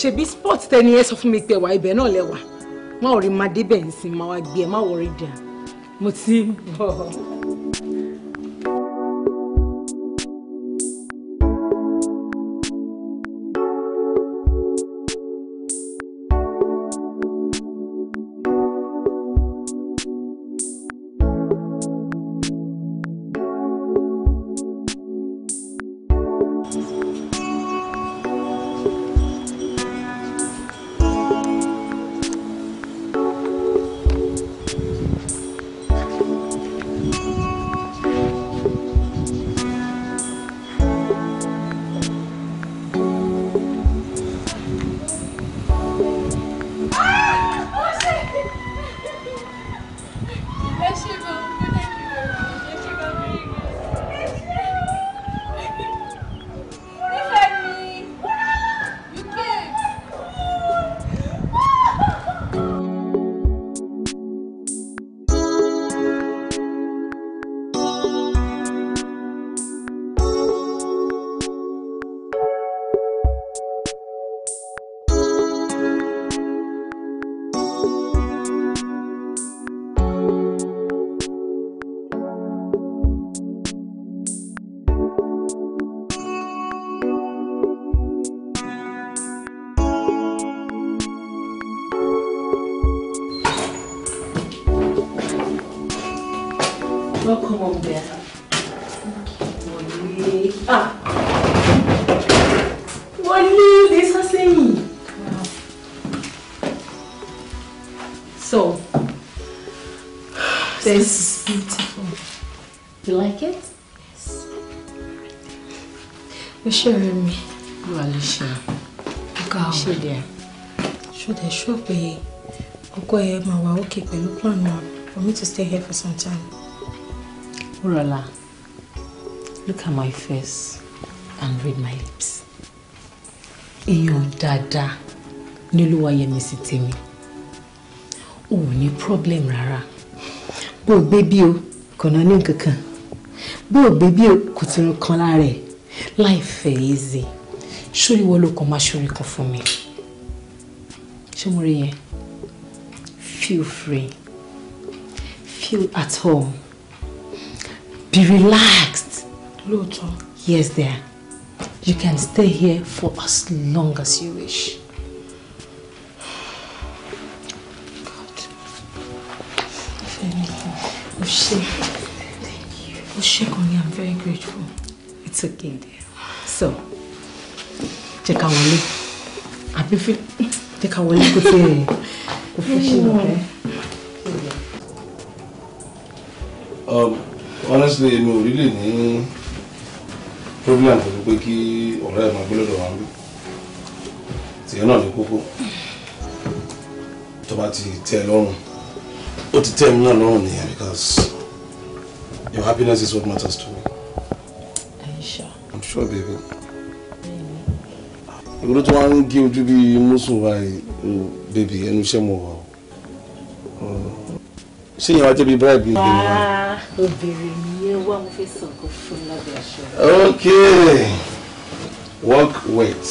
ṣebí sport tẹni ẹ sọ fún mi pé wà ibẹ̀ náà lẹ́wà má ò rí máa débẹ̀ ń sin wá gbé ẹ má wọrí dà mo ti bọ̀. ó ṣèrè mi. ló wà lè ṣe ká ọ ṣe dẹ. ṣùdẹ̀ ṣó pé ọkọ ẹ máa wà òkè pẹ̀lú plan náà for me to stay here for some time. Urala, look at my face and read my lips. èèyàn dáadáa ní Olúwayẹmí sí tèmi ò ní problem rárá bó o gbé bí o kò náà ní nǹkan kan bó o gbé bí o kò tún kan lára ẹ̀. Life is easy ṣórí wọ́n ló kàn máa ṣorí kan fún mi ṣé mo rí feel free feel at home be relaxed lóòótọ́ yes there you can stay here for as long as you wish. Thank you. Oshikoni, I'm very grateful. It's okay, dear so jẹ́ ká wọlé àbí fi jẹ́ ká wọlé kó fẹ́ kó fẹ́ ṣe lọ hmm. fẹ́. Um, honestly mi ò really ní problem pẹ̀lú pé kí ọ̀rẹ́ ẹ̀ máa gbé lọ́dọ̀ wa ń bí tìyẹn náà ní kókó tó bá ti tẹ́ ẹ lọ́rùn ó ti tẹ́ ẹ náà lọ́rùn nìyẹn because your happiness is what matters to me sure baby ìgbọ́dọ̀ tí wọ́n ń gé ojú bí mùsùn báyìí mm, bèbí ẹnu iṣẹ́ mo wà ó ṣé ìyẹn wá jẹ́ bí bribe ní ìgbìmọ̀ wa. obìnrin mi yẹn wá mo fẹ́ sàn fún lábẹ́ aṣọ. ok work wait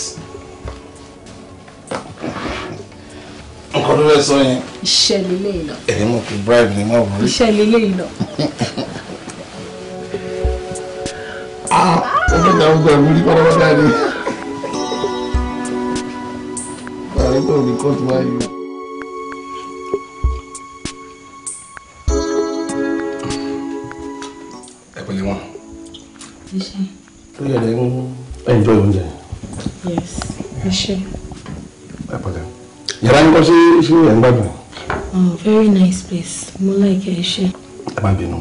nǹkan tó fẹ́ sọ yẹn. iṣẹ́ lílé ìlọ. ẹ̀yin mọ̀ pé bribe ni mo wọ̀. iṣẹ́ lílé ìlọ. ah ó fẹ́ tàwọn ọgbà ìwúrí kọ́ wọ́n jáde báyìí náà ní kóòtù wáyé o. ẹ pẹ̀lẹ́ wọn. ẹ ṣe. ó yẹ lẹ́yìn ẹ̀ńjọ́ oúnjẹ. yes ẹ ṣe. ẹ pẹ̀lẹ́ yàrá yín kọ́ sí sí ẹ̀ ń gbádùn. Mm, very nice place mo like ẹ ṣe. ẹ má bínú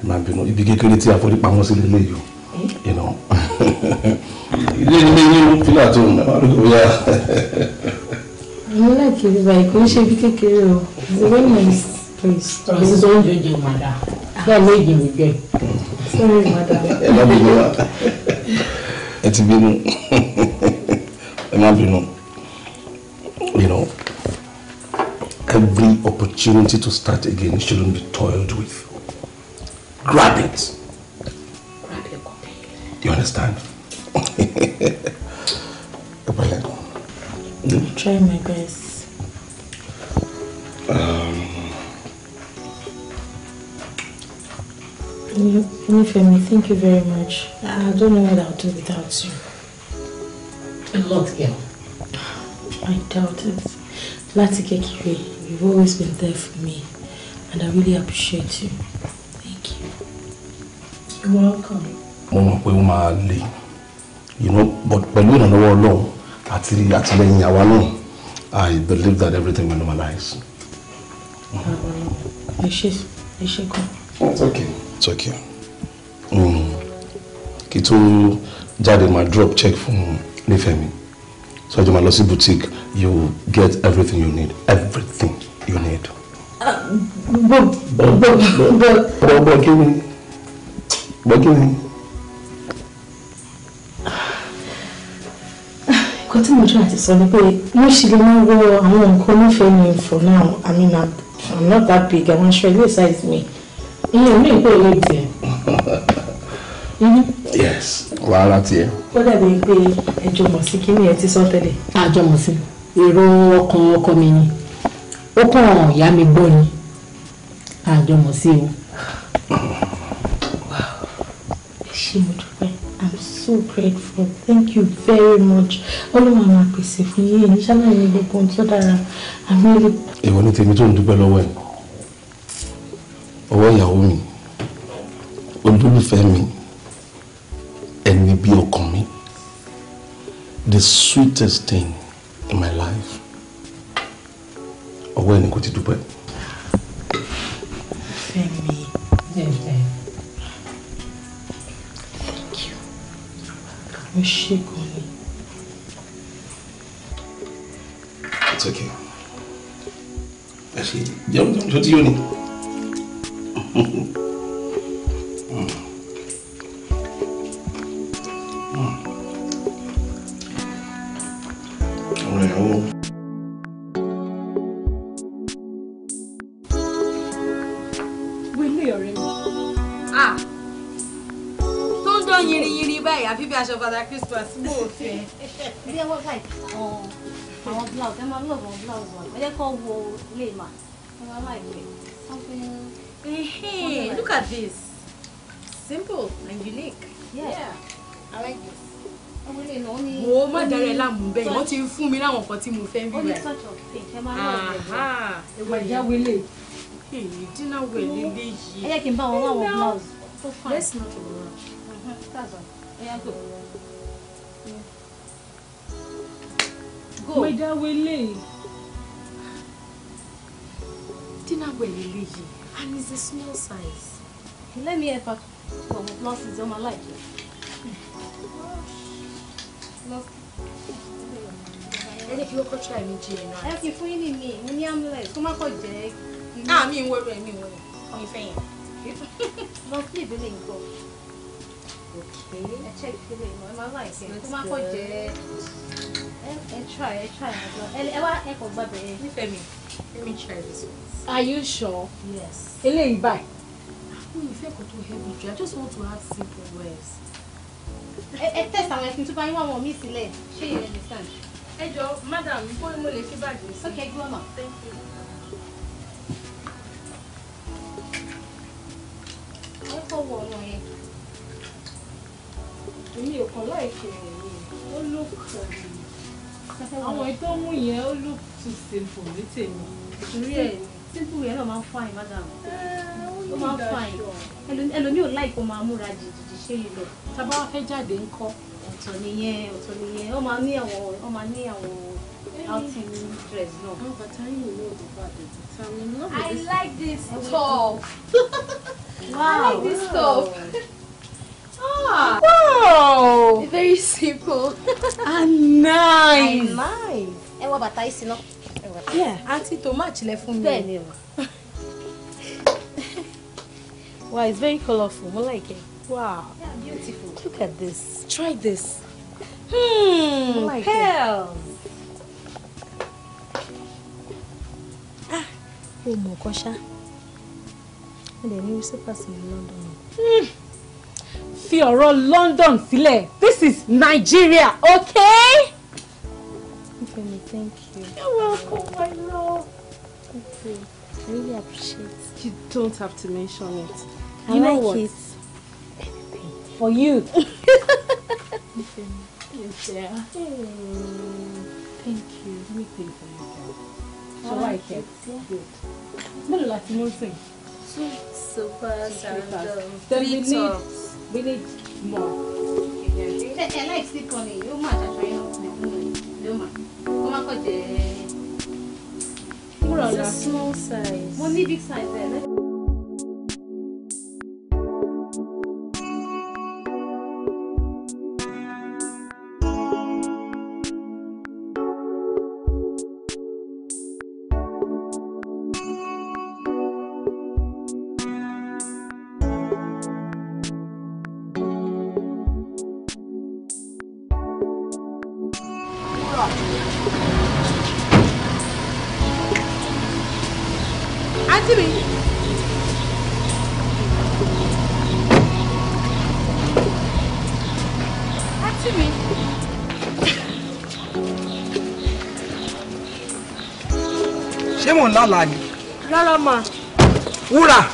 ẹ má bínú ibi kékeré tí a forí pamọ́ sí lélẹ́yìí o you know you didn't ní pílà tó ń náà ló yá. mo láì kiri báyìí kò ń ṣe bí kékeré it's a very nice place. ọ̀rọ̀ sísọ oúnjẹ jẹ màdà bẹ́ẹ̀ méjì you jẹ. sorry mother. I'm not bínú wa ẹ ti bínú ẹ má bínú you know every opportunity to start again shouldn't be toiled with grab it. You understand? I'm trying my best. Um, Nifemi, thank you very much. I don't know what I'll do without you. A lot, girl. I doubt it. Lati Kekiri, you've always been there for me, and I really appreciate you. Thank you. You're welcome. mo mọ̀ pé ó máa le pẹ̀lú ìrànlọ́wọ́ ọlọ́run àti àtìlẹyìn àwa náà I believe that everything will normalize. ẹ ṣe ẹ ṣe kan. It's okay. It's okay. kí tó jáde máa drop check fún nífẹ̀mí so ọjọ́ máa lọ sí boutique you get everything you need everything you need. gbọ́ gbọ́ gbọ́ gbọ́ gbọ́ kí ni gbọ́ kí ni. nǹkan tí mo jọ àti sọ ni pé mo ṣì lè máa wọ àwọn nǹkan nífẹ̀ẹ́ mi for now i mean i'm not that big àwọn aṣọ ilé size mi iye mi kò lè bẹ̀. yes wàhálà tiẹ̀. ó dàbí pé ẹjọ mọ̀ sí kí ni ẹ ti sọ tẹ́lẹ̀. àjọ mọ̀ sí èrò ọkàn ọkọ mi ni ó kàn ìyá mi gbọ́ ni àjọ mọ̀ sí o. ṣé mo dúpẹ́ so grateful thank you very much ọlọ́run àmà pèsè fún yín èyí ṣáná ní gbogbo ohun tó dára àmì rẹ. èèwọ̀ ni tèmi tó ń dúpẹ́ lọ́wọ́ ẹ̀ ọwọ́ ìyàwó mi olólùfẹ́ mi ẹni bí ọkàn mi the sweetest thing in my life ọwọ́ ẹni kò ti dúpẹ́. Fẹ́mi. ẹ ṣe it's okay ẹ ṣe Don't don't tó ti Mm-hmm. cash over that Christmas mo fẹ́. bí ẹ wọ́n báyìí àwọn blouse ẹ máa ń lọ àwọn blouse wọn ẹ jẹ́ kó wo lè mà ẹ máa máa ìfẹ́ look at this simple and unique. yeah, yeah. I like this. Mo má dára ẹ láàmú bẹ́ẹ̀ wọ́n ti fún mi láwọn nǹkan tí mo fẹ́ ń bí rẹ̀. Ẹ̀wọ̀n ìyá wele. Èyí dínà wẹ̀ lélẹ́yìí. Ẹ jẹ́ kí n bá wọn wá àwọn blouse go. mo dáwọ́ eléyìí. dinner well eléyìí and it's a small size. Hey, let me help her for my glasses on my life. ẹ jẹ́ kí wọ́n kọ́ try mi jí ẹ̀ náà. ẹ kì í fún yín ní mi mo ní amulet kó má kọ̀ jẹ́. náà ah, mi ń wọ́rọ̀ ẹ̀ mi ń wọ́rọ̀ ẹ̀ fẹ́ yẹn. lọ sí ìdílé nǹkan. Okay. I check the name. My mind is good. Come on, and eh, eh, try, eh, try. Let me try this Are you sure? Yes. Eléyìí báyìí. Àwọn ìfẹ́ kò tó heavy I just want to have simple words. I test àwọn ẹ̀sìn tó bá yín wà wọ̀n mí sílẹ̀. understand? Ẹ jọ, madam, bó ni mo lè fi Okay, go on Thank you. Ẹ kọ́ wọ ọ̀rọ̀ èmi ò kàn láìkẹ́ ẹ̀mí ó lókè àwọn ètò mú yẹn ó look too simple ní tèmi torí ẹ simple yẹn náà máa ń fine madam eh, ó máa ń fine ẹlòmíì ò láìkó máa múra jìjìjì ṣé yìí lọ tá a fẹ́ jáde ńkọ́ ọ̀tọ̀ nìyẹn ọ̀tọ̀ nìyẹn ó máa ní àwọn ó máa ní àwọn eh. outing dress náà. No, but I know the body. So I'm in love with I I like this top. wow. I like this top. Ah! Wow! Very simple. and ah, nice. And ah, nice. Ẹ wá bàtà ìsìn náà. Yeah, àǹtí tó máa jìnlẹ̀ fún mi. Bẹ́ẹ̀ni o. Wow, it's very colorful. I like it. Wow. Yeah, beautiful. Look at this. Try this. Hmm. I like pearls. Ah, oh my gosh. And then you see person in London. Mm fi ọ̀rọ̀ London sílẹ̀ this is Nigeria okay. Femi, thank you. You're welcome, my love. Thank you. I really appreciate it. You don't have to mention it. I you like know what? it. Anything. For you. yes, dear. Thank you. Let me pay for you. Shall I get good? No, like nothing. Super, super, three tops. We village mall. ẹ ẹ láì sí kan ni yóò máa ṣàṣọ yẹn No fún mi yóò máa kó má kàn Small size. ní big size ẹ lálàá ni. rárá mà. wúrà.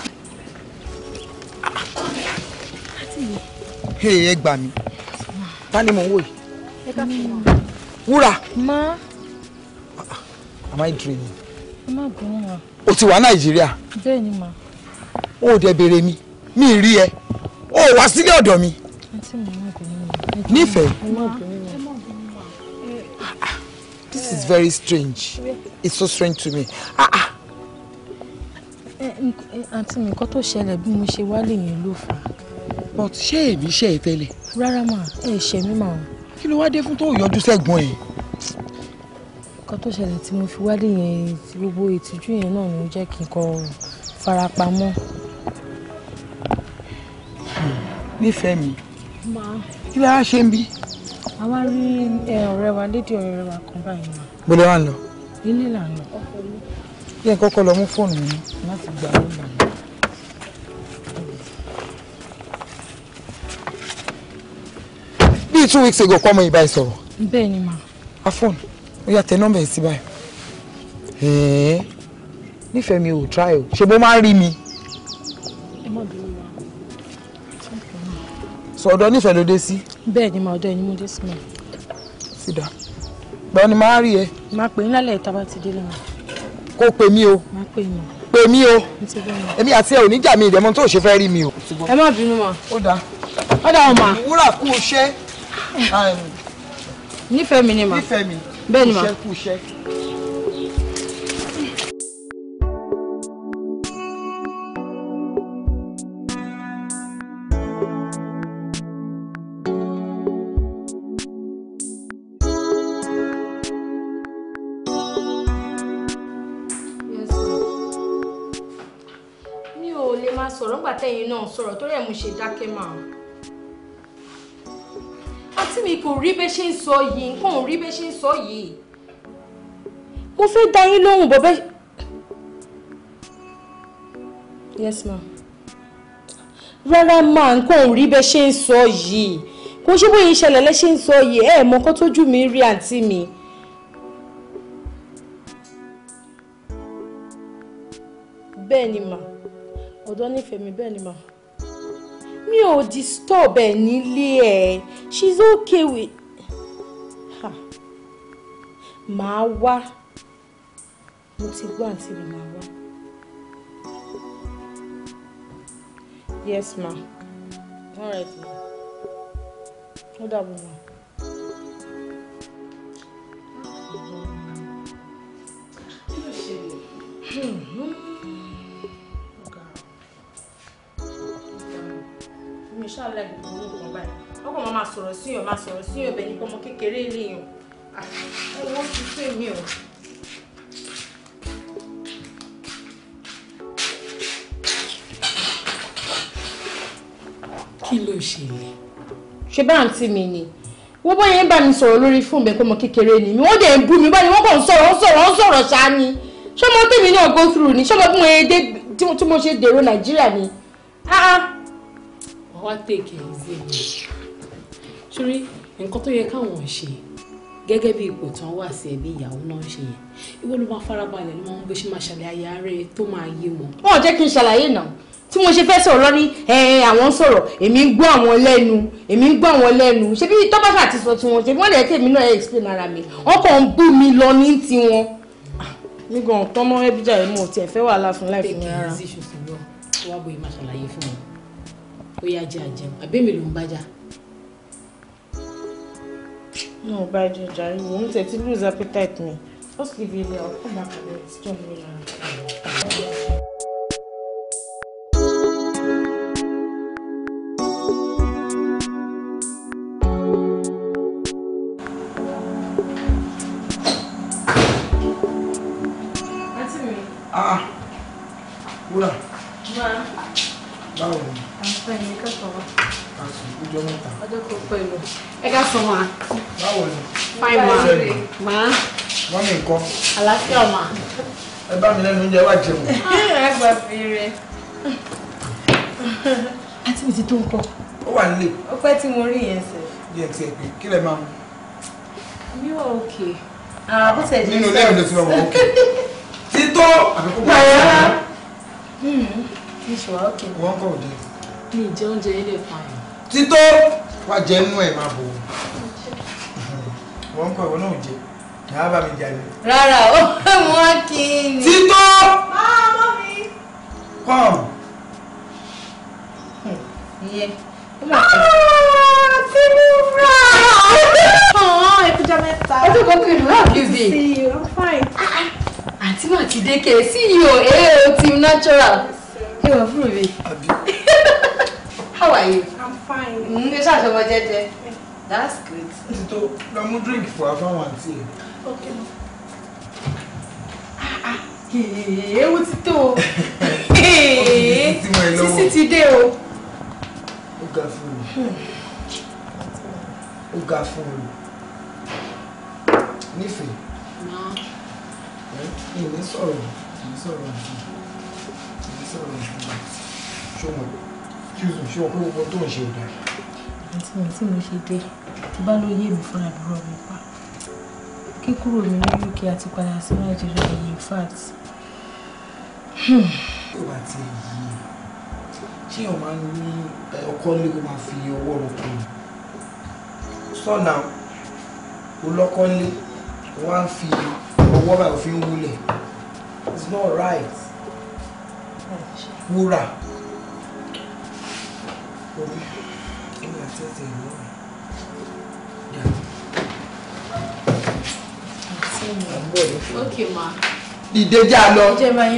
ẹ gbà mí ta ni mò ń wò yìí. wúrà. má. am I dreaming. ẹ má gbọ́n wa. o ti wà nàìjíríà. bẹ́ẹ̀ ni mà. o ò dẹ̀ béèrè mi mi rí ẹ o ò wá sílé ọ̀dọ̀ mi. nífẹ̀ẹ́. this is very strange. It's so strange to me. Ah, ah. àǹtí mi nǹkan tó ṣẹlẹ̀ bí mo ṣe wálé yẹn ló fà á. but ṣé èmi ṣe é tẹ́lẹ̀. rárá mà ẹ ṣe mí mà o. kí ló wá dé fún tó yọjú sẹ́gbọ́n ẹ̀. nǹkan tó ṣẹlẹ̀ tí mo fi wálé yẹn gbogbo ìtìjú yẹn náà ló jẹ́ kí n kọ farapamọ́. nífẹ̀ẹ́ mi kí ló wá ṣe ń bí. àwa rí ọ̀rẹ́ wa lédè ọ̀rẹ́ wa kan báyìí. bó lè wá lọ ilé là ń lọ yẹ kọ́kọ́ lọ mú fóònù mi láti gba nọ́mbà mi. bíi two weeks ago kọ́ ọmọ yìí báyìí sọ̀rọ̀. bẹ́ẹ̀ ni mà. a fóònù ó yá tẹ nọ́mbà yìí sí báyìí. ẹ̀ẹ́ nífẹ̀ẹ́ mi ò try o ṣe bó máa ń rí mi. ẹ mọ̀ nífẹ̀ẹ́ ló dé sí. bẹ́ẹ̀ ni mà ọ̀dọ̀ ẹni mo dé sí mà. sit down gbọ́n ni máa rí ẹ. máa pè yín lálẹ́ ìta bá ti dé lọ́wọ́. kó pè mí o. máa pè mí. pè mí o. èmi àti ẹ ò ní jà mí ìdẹ́mọ tó ṣe fẹ́ rí mi o. ẹ má bínú mà. ó dáa. ó dáa ọ̀ mà. kú iṣẹ́. nífẹ̀ẹ́ mi ni mà. nífẹ̀ẹ́ mi. bẹ́ẹ̀ ni mà. iṣẹ́ kú iṣẹ́. náà sọ̀rọ̀ torí ẹ̀ mo ṣe dákẹ́ máa. àǹtí mi kò rí bẹ́ẹ̀ ṣe ń sọ yìí nǹkan ò rí bẹ́ẹ̀ ṣe ń sọ yìí. mo fẹ́ dá yín lóhùn bọ́ yes ma. rárá ma nǹkan ò rí bẹ́ẹ̀ ṣe ń sọ yìí kò ṣe bóyá ìṣẹ̀lẹ̀ lẹ́ ṣe ń sọ yìí ẹ̀ mọ nǹkan tójú mi rí àǹtí mi. bẹ́ẹ̀ ni mà ọ̀dọ́ nífẹ̀ẹ́ mi bẹ́ẹ̀ ni mà mi ò disturb ẹ nílé ẹ she's okay with màá wá mo ti gbọ́ àǹtí mi màá wá. yes ma all right ma ó dàbọ̀ ma. hmm mi ṣáà láì gbogbo orí ìgbọ̀n báyìí ọkọ̀ máa máa sọ̀rọ̀ sí yàn máa sọ̀rọ̀ sí yàn bẹ́ẹ̀ ni pọ́nmọ kékeré léèyàn ah, owó ti pè mí o. kí ló ṣẹlẹ̀. ṣé bá àǹtí mi ni wọ́n bá yẹn bá mi sọ̀rọ̀ lórí fóònù bẹ́ẹ̀ pọ́nmọ kékeré ni mi wọ́n dẹ̀ ń bú mi báyìí wọ́n kàn ń sọ̀rọ̀ ń sọ̀rọ̀ ń sọ̀rọ̀ ṣáá ni ṣé ọmọ tèmi náà go through ni ṣé ọmọ bí mo ṣe dèrò nàìjíríà ni. Ah, ah wá tèkè ìzí mi sórí nǹkan tó yẹ káwọn ṣe gẹ́gẹ́ bí ipò tán wà sí ẹbí ìyàwó náà ṣe yẹn ìwọ ló máa farabalẹ̀ ló máa ń bó ṣe máa ṣàlàyé ara ẹ tó máa yé wọn. wọn ò jẹ́ kí n ṣàlàyé náà tí mo ṣe fẹ́ sọ̀rọ̀ lọ́ní àwọn sọ̀rọ̀ èmi ń gbọ́ àwọn lẹ́nu èmi ń gbọ́ àwọn lẹ́nu ṣé bí tọ́pàṣà àti sọ tiwọn ṣe bí wọ́n lè tèmi náà explain ara mi ọkàn ń bú mi lọ ní tiwọn. mi gan tọmọ ẹbí jàre mo tiẹ̀ fẹ́ wàhálà fún láì fún mi rárá. pé kí n ṣe ṣòṣèlú ó yá jẹ àjẹun àbẹ́mi ló ń bá jà. mo ò bá jẹ jàre wò ó ń tẹ̀ tí lose appetite mi just give it there i'll come back and eat jọ̀ ńkọ́. àlàáfíà ọmọ. ẹ bá mi lẹ́nu oúnjẹ wá jẹun. Ah, ẹ gbà fèrè. àti mi ti tó ńkọ́. ó wà nílé. ó pẹ́ tí mo rí yẹn sẹ̀. díẹ̀ tiẹ̀ pé kí lẹ máa mu. mi ò òkè. àbó ah, tẹ̀ jẹ́ sọ́ọ̀. nínú lẹ́yìn ló ti wà wọ́n òkè. ti tó àbíkú bá wà. ìṣòwò òkè. wọ́n kọ̀ òde. mi ìjẹ oúnjẹ ilé kan. ti tó wàá jẹ́ nú ẹ̀ máa bò wọ́n kọ̀ ìwọ náà jẹ́ yàrá bá mi jàre. rárá o wọn kì í ni. títọ́. máa mọ́ mi. kàn. iye ó mà kàn. tí mo rà. ọ̀hún ẹ̀kújọ mẹ́ta. ó tún kọ́ pé ìlú sí o fine. Ah, ah. àǹtí mà ti dé kẹ́ ceo ao eh, team natural. ẹ wà fún mi. how are you. i'm fine. ǹ hm, ṣàṣọwọ́ jẹ́jẹ́. That's great. Tito, lọ mú drink for fún wa fáwọn àǹtí ẹ̀. Ok. Ah, ah. Ewu ti tó o. Sísí ti dé o. Ó ga fún mi. Ó ga fún mi. Nífẹ̀ẹ́. Ìní sọ̀rọ̀ ìní sọ̀rọ̀ ìní sọ̀rọ̀ ṣọwọ́n ṣọwọ́n pé gbogbo tó ń ṣe ọ̀dà. Àǹtí mi tí mo ṣe dé tó bá ló yé mi fúnra àbúrò mi pa kíkúrò mi ní UK àti padà sí Nàìjíríà yìí in ìwà tí ẹ yí ṣé èèyàn ń ní ọkọ lé kó máa fi ọwọ́ rọ kù sọ́nà olọ́kọ́lé wọ́n á fi ọwọ́ báyìí òfin wúlẹ̀ it's not right wúrà omi èmi àti ẹ̀sẹ̀ ìlú. Okay, ma. Dìde já lọ. Ìjẹ́ máa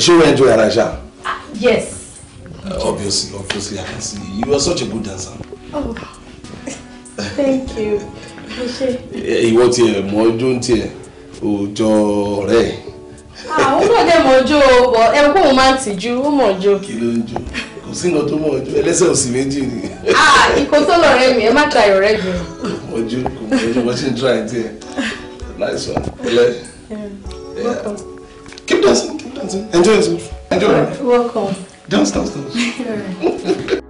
she went to Arasha? Uh, ah, yes. Uh, obviously, obviously, I can see. You are such a good dancer. Oh, thank you. Eh, ìwọ ti ẹ̀ mọ ọjọ́ ń tiẹ̀, òòjọ́ ọ̀rẹ́. Àwọn náà dẹ̀ mọ ọjọ́ ọ̀ ẹ kó òun mojo. ń tìjú, ó mọ ọjọ́. Kí ló ń jó? Kò sí nǹkan tó mọ ọjọ́, ẹlẹ́sẹ̀ òsì méjì ni. Ìkó ah, tó lọ Nice one. Hello. Yeah. Welcome. Keep dancing. That's it. Enjoy yourself. Enjoy. Welcome. Don't stop, Downstairs.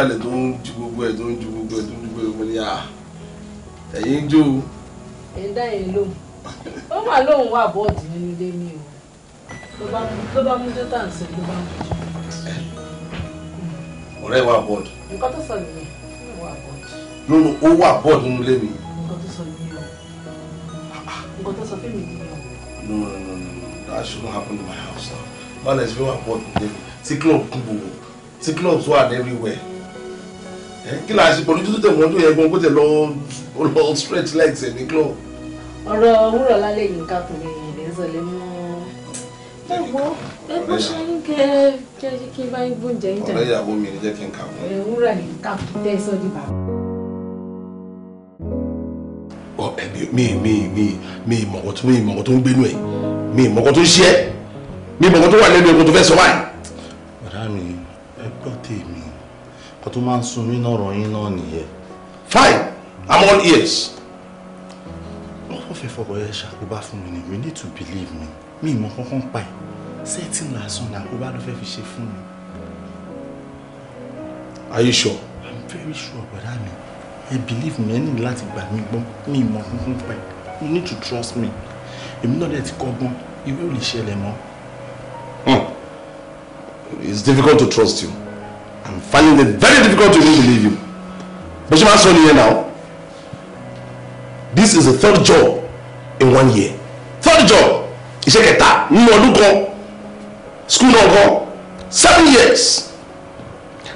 sàlẹ̀ tó ń ju gbogbo ẹ̀ tó ń ju gbogbo ẹ̀ tó ń ju gbogbo ẹ̀ ní à ẹ̀yin ń jó. ẹ̀ ń dá yẹn lóhùn ó mà lóhùn wà bọ́ọ̀dù nínú ilé mi o ló bá mú tó tà ń sè ló bá mú tó. ọ̀rẹ́ wà bọ́ọ̀dù. nǹkan tó sọ nìyẹn wà bọ́ọ̀dù. nínú ó wà bọ́ọ̀dù nínú ilé mi. nǹkan tó sọ nìyẹn o nǹkan tó sọ fẹ́mi nìyẹn o. no no no no that shouldn't happen in my house now. bá a lè ṣe fẹ́ wà bọ́ọ̀dù nínú ilé mi tí club kún gbogbo tí clubs wà everywhere kí la ṣe pẹ̀lú tútù tẹ̀wọ́n ojú yẹn gan kó tẹ̀ lọ lọ stretch legs ẹ̀ ní club. ọ̀rọ̀ wúrọ̀ lálẹ́ yìí ká tó lè lè sọ lè mú ẹ̀wọ́ ẹ̀wọ́ ṣe ń kẹ́ kẹ́ kí n bá ń gbóúnjẹ ń jẹ. ọ̀rẹ́ ìyàwó mi ni jẹ́ kí n kà fún. wúrọ̀ yìí ká tó tẹ́ sọ́ ọ ẹbí mi mi mi mi mọ̀kọ́ tó mi mọ̀kọ́ tó ń gbénu ẹ̀ mi mọ̀kọ́ tó ń ṣe mi mọ̀kọ́ tó wà lẹ́nu ẹ̀kọ́ tó fẹ́ sọ báyìí. tó máa ń sun mí náà ràn yín náà nìyẹn. fine i'm all ears. wọ́n fẹ́ fọwọ́ ẹ ṣàkóbá fún mi ni you need to believe me mi ìmọ̀ kankan pa ẹ̀ sẹ́ẹ̀tì lásán ni àkóbá ló fẹ́ fi ṣe fún mi. are you sure. i'm very sure bọ̀dá mi ẹ believe me ẹ ní láti gbà mí gbọ́ mi ìmọ̀ kankan pa ẹ̀ you need to trust me èmi náà dẹ̀ ti kọ́ gbọ́n ìwé ò lè ṣẹlẹ̀ mọ́. Hmm. it's difficult to trust you. I'm finding it very difficult to even believe you. But you máa sọ here now. This is the third job in one year. Third job iṣẹ́ said nínú ọdún kan school náà kan seven years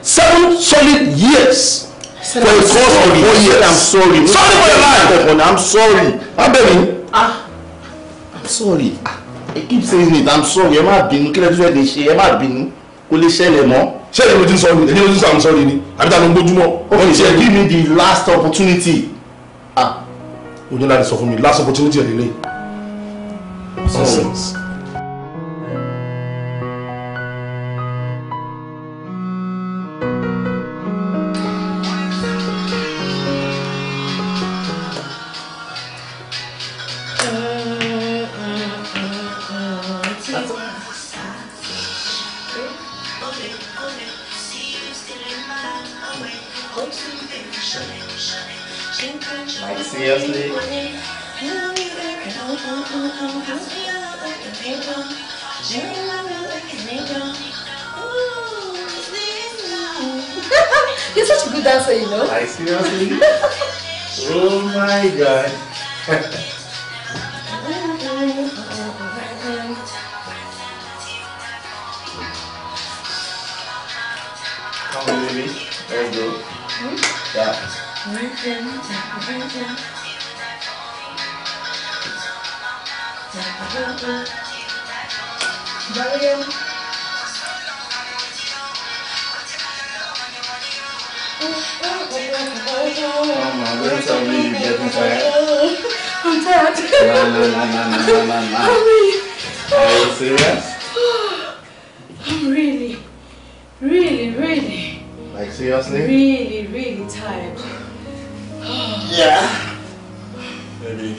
seven solid years for a course of four years. I'm sorry. Sorry for your life. I'm sorry. I'm Abẹ́mi. Ah, I'm sorry. I ah, keep saying it. I'm sorry. Ẹ má bínú. Kí lẹ́tọ́ fẹ́ lè ṣe? Ẹ má bínú kò lè ṣẹlẹ̀ mọ́. ṣẹlẹ̀ ló ti sọ ni èyí ló ti sọ àmì ni ni àbí ta ló ń gbójúmọ́. okay ṣe give me the last opportunity. ah òjò láti sọ fún mi last opportunity ẹ̀ lélẹ̀. nonsense. Oh. oh my god. Come on, baby. There you go. Yeah. Valeu. I'm tired. No, no, no, no, no, no, no. I'm really. Are you serious? I'm really, really, really. Like seriously? Really, really tired. yeah. Baby.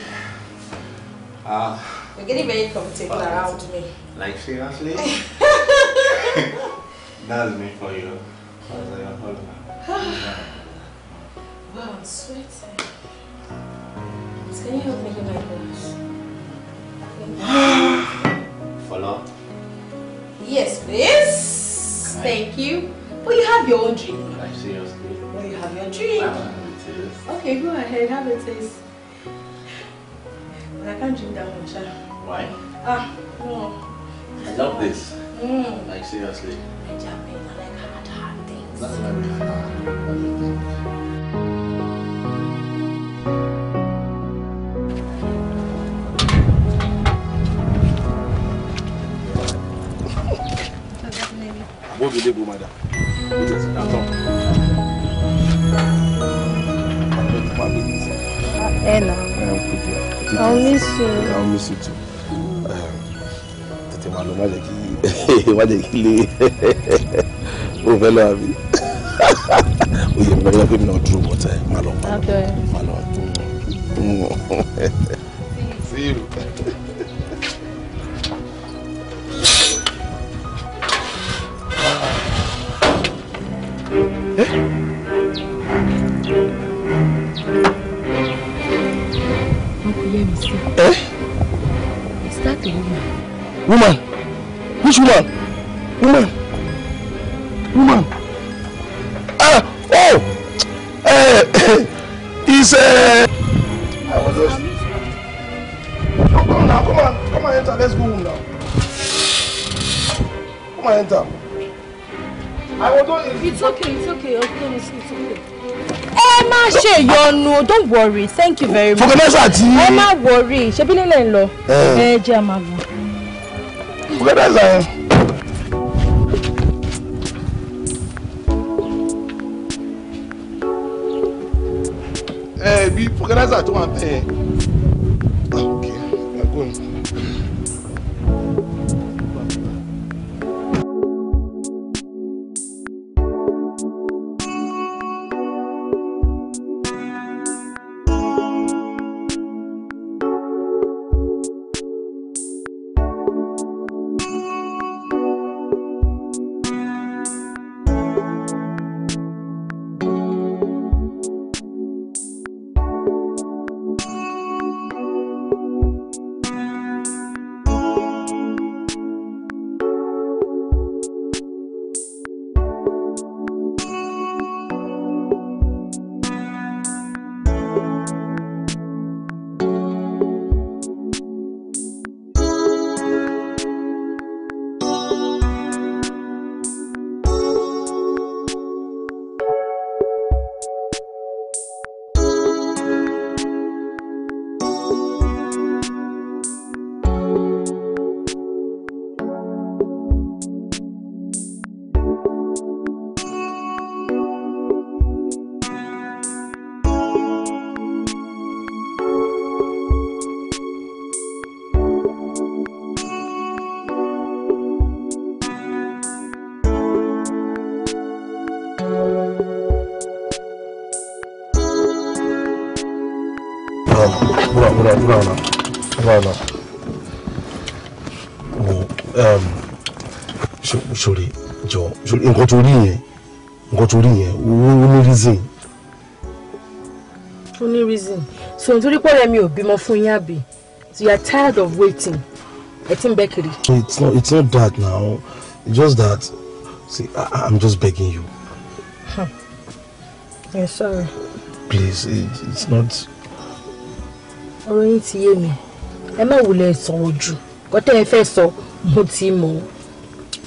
Ah. Uh, getting very comfortable around me. Like seriously? That's me for you. That's like a wow, I'm sweating. Can you help me get my glass? Follow? Yes, please. Thank you. But well, you have your own drink. I seriously. Well, you have your drink. I Have okay, go ahead. Have a taste. But I can't drink that much. Huh? Eh? Why? Ah, no. I love this. Mm. Like, seriously. I that's why we are everything. Bon bébé, bon madame. Attends. Elle. I'll miss you. I'll miss you too. Tètè máa lọ, má jẹ́ kí lè o fẹ́ lọ àbí o yẹ mẹ́rin lọ́pẹ́ mi náà dúró bọ́tẹ́ má lọ má lọ sí ìlú. Eh? Is that a woman? Woman? Which woman? Woman? dress. No, come on now, come on, come on, enter. Let's go home now. Come on, enter. I will go. It's okay, it's okay. Okay, it's okay. Emma, she, ṣe ìyọnu, don't worry, thank you very much. Fọkànlẹ́sọ àti. Ẹ má worry, ṣebí nílẹ̀ ń lọ. Eh. Ẹ jẹ́ àmàlà. Fọkànlẹ́sọ yẹn. bí fọkànláṣà tó wà ń nǹkan tó rí yẹn nǹkan tó rí yẹn ó ní reason. ó ní reason so nítorí pé ọ̀rẹ́ mi ò bímọ fún yín àbí so you are tired of waiting ẹ ti ń bẹ́ kiri. it's not it's not that now it's just that see I, i'm just begging you. Huh. Yeah, sorry. please it, it's not. ọ̀rọ̀ yín ti yé mi ẹ má wulẹ̀ sọ̀rọ̀ jù kọ́tẹ́ ẹ fẹ́ sọ mo ti mọ̀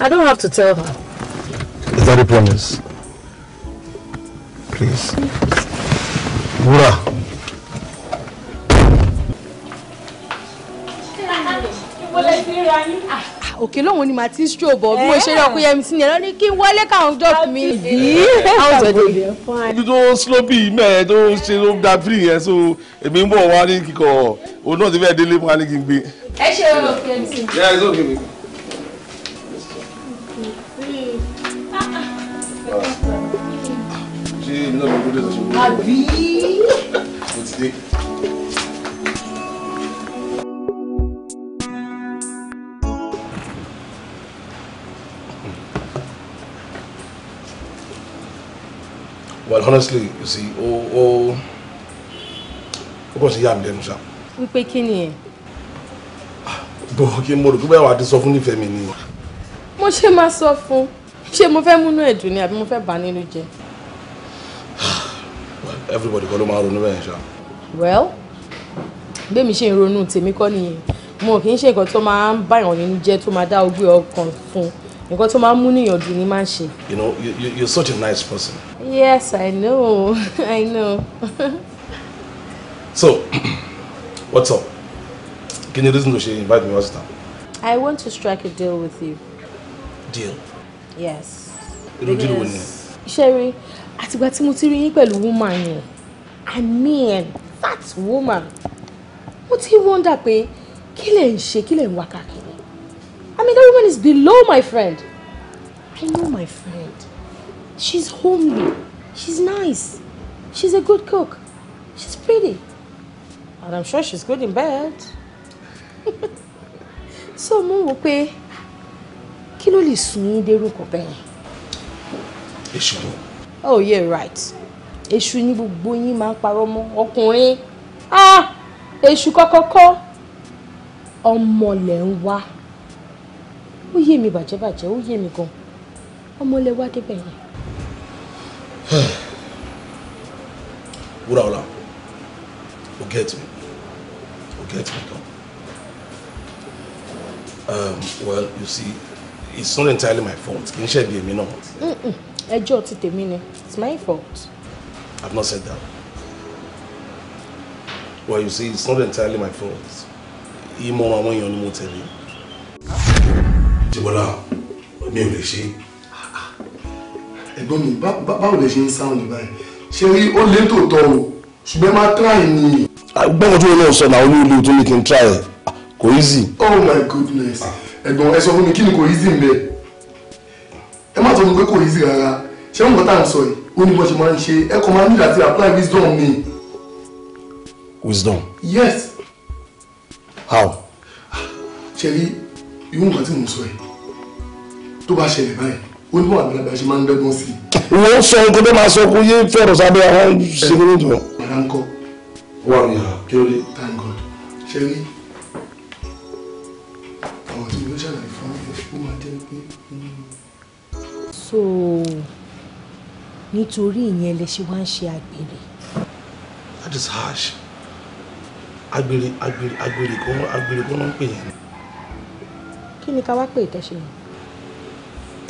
i don't have to tell her daddy promise. Please. Wúrà. òkè lóhun ni màá ti ń ṣó bọ̀ bí mo ṣe rí eh. ọkùnrin yẹn sí ni ẹ̀rọ ní kí n wọlé káwọn jọ mi bí àwùjọ dé. ibi tó sloppy mẹ́ẹ̀ tó ṣe ló ń free yẹn so èmi ń bọ̀ wá ní kíkọ òun náà ti fẹ́ délé fún wa ní kí n gbé. ẹ ṣe òkè mi sí. náà ló gbọ́dọ̀ ṣe wọlé. àbí. mo ti dé. well honestly you see o o o kàn sí yà mí lẹ́nu ṣá. wípé kí ni ẹ. bó kí n mo rò pé báyọ̀ àti sọ fún nífẹ̀ẹ́ mi ni. mo ṣe máa sọ fún ṣé mo fẹ́ múnú ẹ̀dùn ni àbí mo fẹ́ bà á nínú jẹ́ everybody kọ́ ló máa ronú bẹ́ẹ̀ ṣá. well bẹ́ẹ̀mi ṣe ń ronú tèmi kọ́ nìyẹn mo kì í ṣe nǹkan tó máa ń báyàn nínú jẹ́ tó máa dá ogbe ọkàn fún nǹkan tó máa ń mú níyànjú ni máa ń ṣe. you know you, you're such a nice person. yes i know i know. so what's up kí ni reason to ṣe invite me hospital. i want to strike a deal with you. deal. yes. irú deal wo ni. Sherry àtìgbà tí mo ti rí yín pẹ̀lú woman yẹn i mean that woman mo ti wonder pé kí lẹ̀ ń ṣe kí lẹ̀ ń wá káàkiri i mean that woman is below my friend i know my friend she's homely she's nice she's a good cook she's pretty and i'm sure she's good in bed so mo wò pé kí ló lè sùn yín dérú kọ bẹ́ẹ̀. èṣù lọ oh yeah right èṣù ni gbogbo yín máa ń parọ́ mọ́ ọkùnrin ah èṣù kọ́kọ́kọ́ ọmọ lẹ̀ ń wá ó yé mi bàjẹ́bàjẹ́ ó yé mi gan ọmọ lẹ̀ wá débẹ̀ yẹn. wúrà ọ̀la o get me o get me gan um, well you see it's not entirely my fault kì í ṣe bí èmi náà ẹjọ́ ti tèmi ni it's my fault. I've not said that. Well, you see, it's not entirely my fault. Ìmọ̀ àwọn èèyàn ni mo tẹ̀lé. Jìbọ́lá, mi ò lè ṣe. Ẹ̀gbọ́n mi, báwo lè ṣe ń sáwọn ìgbà yẹn? Ṣé rí ó lé tòótọ́ o? Ṣùgbọ́n máa try ni. Gbọ́dọ̀ tó yẹ náà sọ náà olóòlù tó ní kí n try kò easy. Oh my goodness. Ẹ̀gbọ́n ẹ sọ fún mi kí ni kò easy ń ẹ má sọ fún pé kò easy rárá ṣé wọn tá à ń sọ yìí ó ní bó ṣe máa ń ṣe ẹ kàn máa ní láti apply wisdom mi. wisdom. yes. how. ṣe rí irú nǹkan tí mò ń sọ yìí tó bá ṣẹlẹ̀ báyìí ó ní wọn àgbàlagbà ṣe máa ń dẹ́gbọ́n sí i. wọ́n sọ nǹkan tó máa sọ kó yé fẹ̀rọ̀ sábẹ́ àwọn ṣe kí ló dùn. ọ̀la ń kọ́. wà á yà ah, kí ló dé. thank god ṣe rí so nítorí ìyẹn lẹ ṣe wá ń ṣe àgbèrè. that is harsh àgbèrè àgbèrè àgbèrè kọ́ àgbèrè kọ́ ló ń pè yẹn. kí ni ká wá pè ìtẹ̀sẹ̀ yẹn.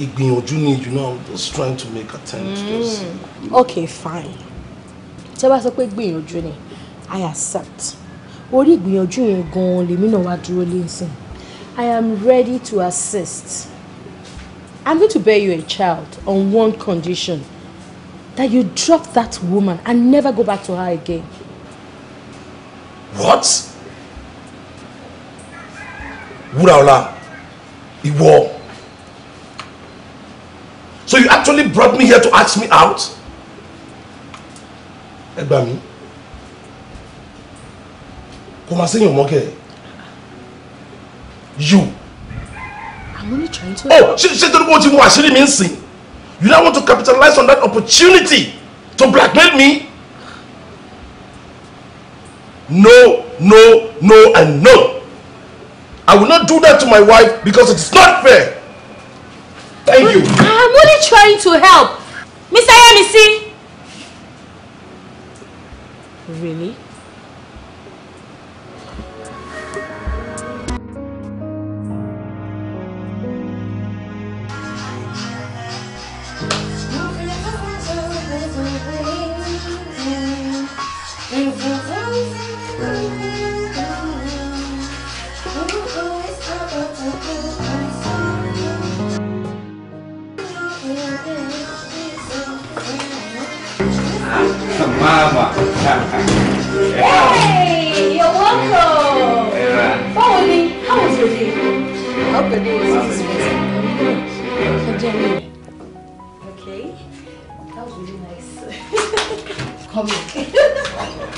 ìgbìyànjú ni you know i'm just trying to make attempt to hmm. okay fine tí a bá sọ pé gbìyànjú ni i accept orí ìgbìyànjú yẹn gan-an lèmi náà wá dúró lẹ́sìn i am ready to assist. I'm going to bear you a child on one condition that you drop that woman and never go back to her again. What? Wuraola, Iwo. So you actually brought me here to ask me out? Ẹ gbà mí. Kò máa séyàn You to. Oh, she she torí mo ti wo àṣírí mi ń You now want to capitalize on that opportunity to blackmail me? No, no, no, and no. I will not do that to my wife because it's not fair. Thank but you. I'm ah, only trying to help. Mr. Yemisi. Really? mama. hey, you're welcome. Yeah. was it? How was your day? I hope your day was peaceful. Okay, that was really nice. Come in.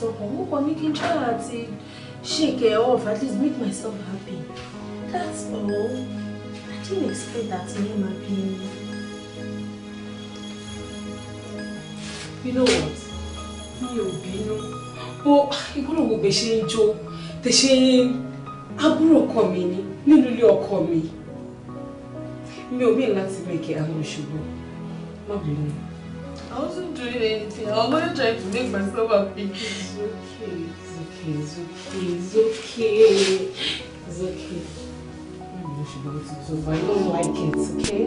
sọ́kàn mo kàn ní kí n try àti shake it off at least make myself happy that's all I didn't expect that to máa bí mi. you know what mi ò bínú bó ìgbọ́dọ̀ gbogbo ṣe ń jó tẹ̀ ṣe àbúrò ọkọ mi ni nínú ilé ọkọ mi mi ò bí láti bẹ̀kẹ̀ àwọn ìṣòro má bínú. I wasn't doing anything. I was only trying to make myself happy. It's okay. It's okay. It's okay. It's okay. It's Maybe we should go to Zoom, but I don't like it, okay?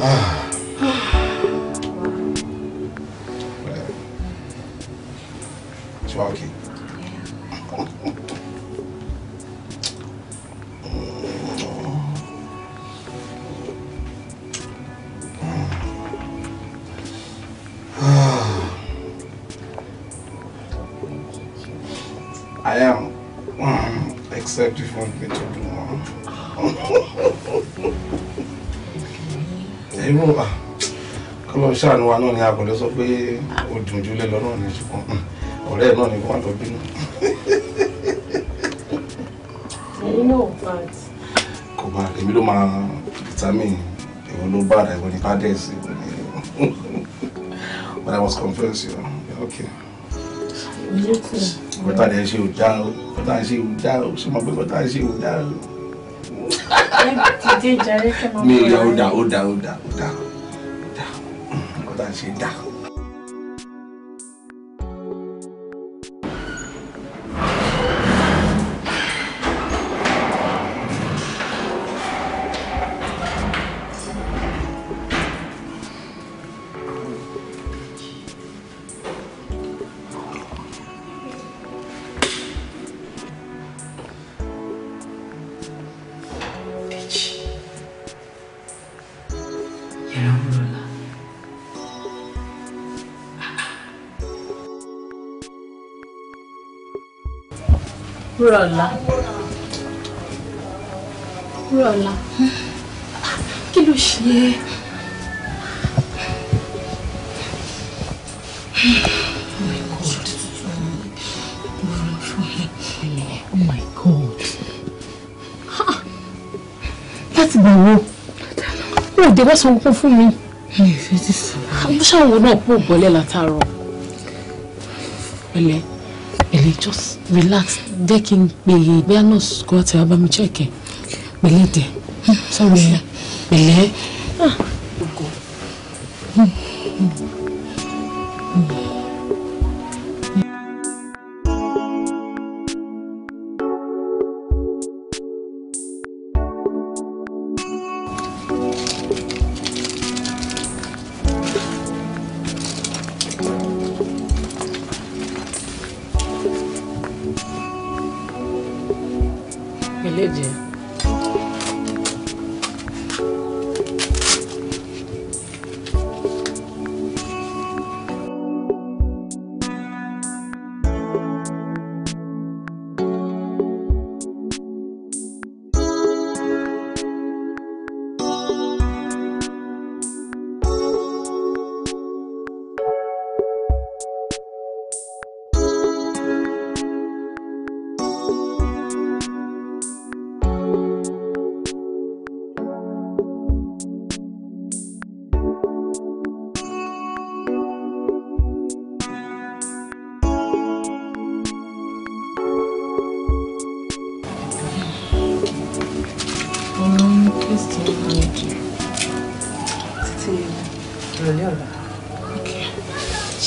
Ah. Whatever. It's okay. I am, um, except if you want me to do one. Irú à, kí ló ń ṣàánú wa will do. àkọ́lé sọ pé òdùnjúlé lọ náà ní ṣùgbọ́n hmm, ọ̀rẹ́ ẹ̀ náà ni wọ́n lọ bínú. Ẹ̀yin náà bad. Kò bá èmi ló máa determine èwo ló bad I will bá dẹ̀ sí. But I must confess you, okay. You too kọ́tà dẹ̀ ṣe ò dá o kọ́tà ṣe ò dá o ṣe mọ̀ pé kọ́tà ṣe ò dá o. mi ò yà ó dà ó dà ó dà ó dà ó dà kọ́tà ṣe dà o. Rọ̀lá. Rọ̀lá. Kí ló ṣe é? láti gbà wo wọn ò dé wá sanwó kún fún mi. mi ò fẹ́ ti sùn. àbúṣàwọ̀ náà pọ̀ bọ́lẹ̀ látàárọ̀. pẹ̀lẹ́ pẹ̀lẹ́ jọ́sí relax jẹ́ kí n pè é bí a nurse kọ́ àti abami check ẹ̀ pẹ̀lẹ́ tẹ̀ sọ̀rọ̀ ẹ̀ pẹ̀lẹ́.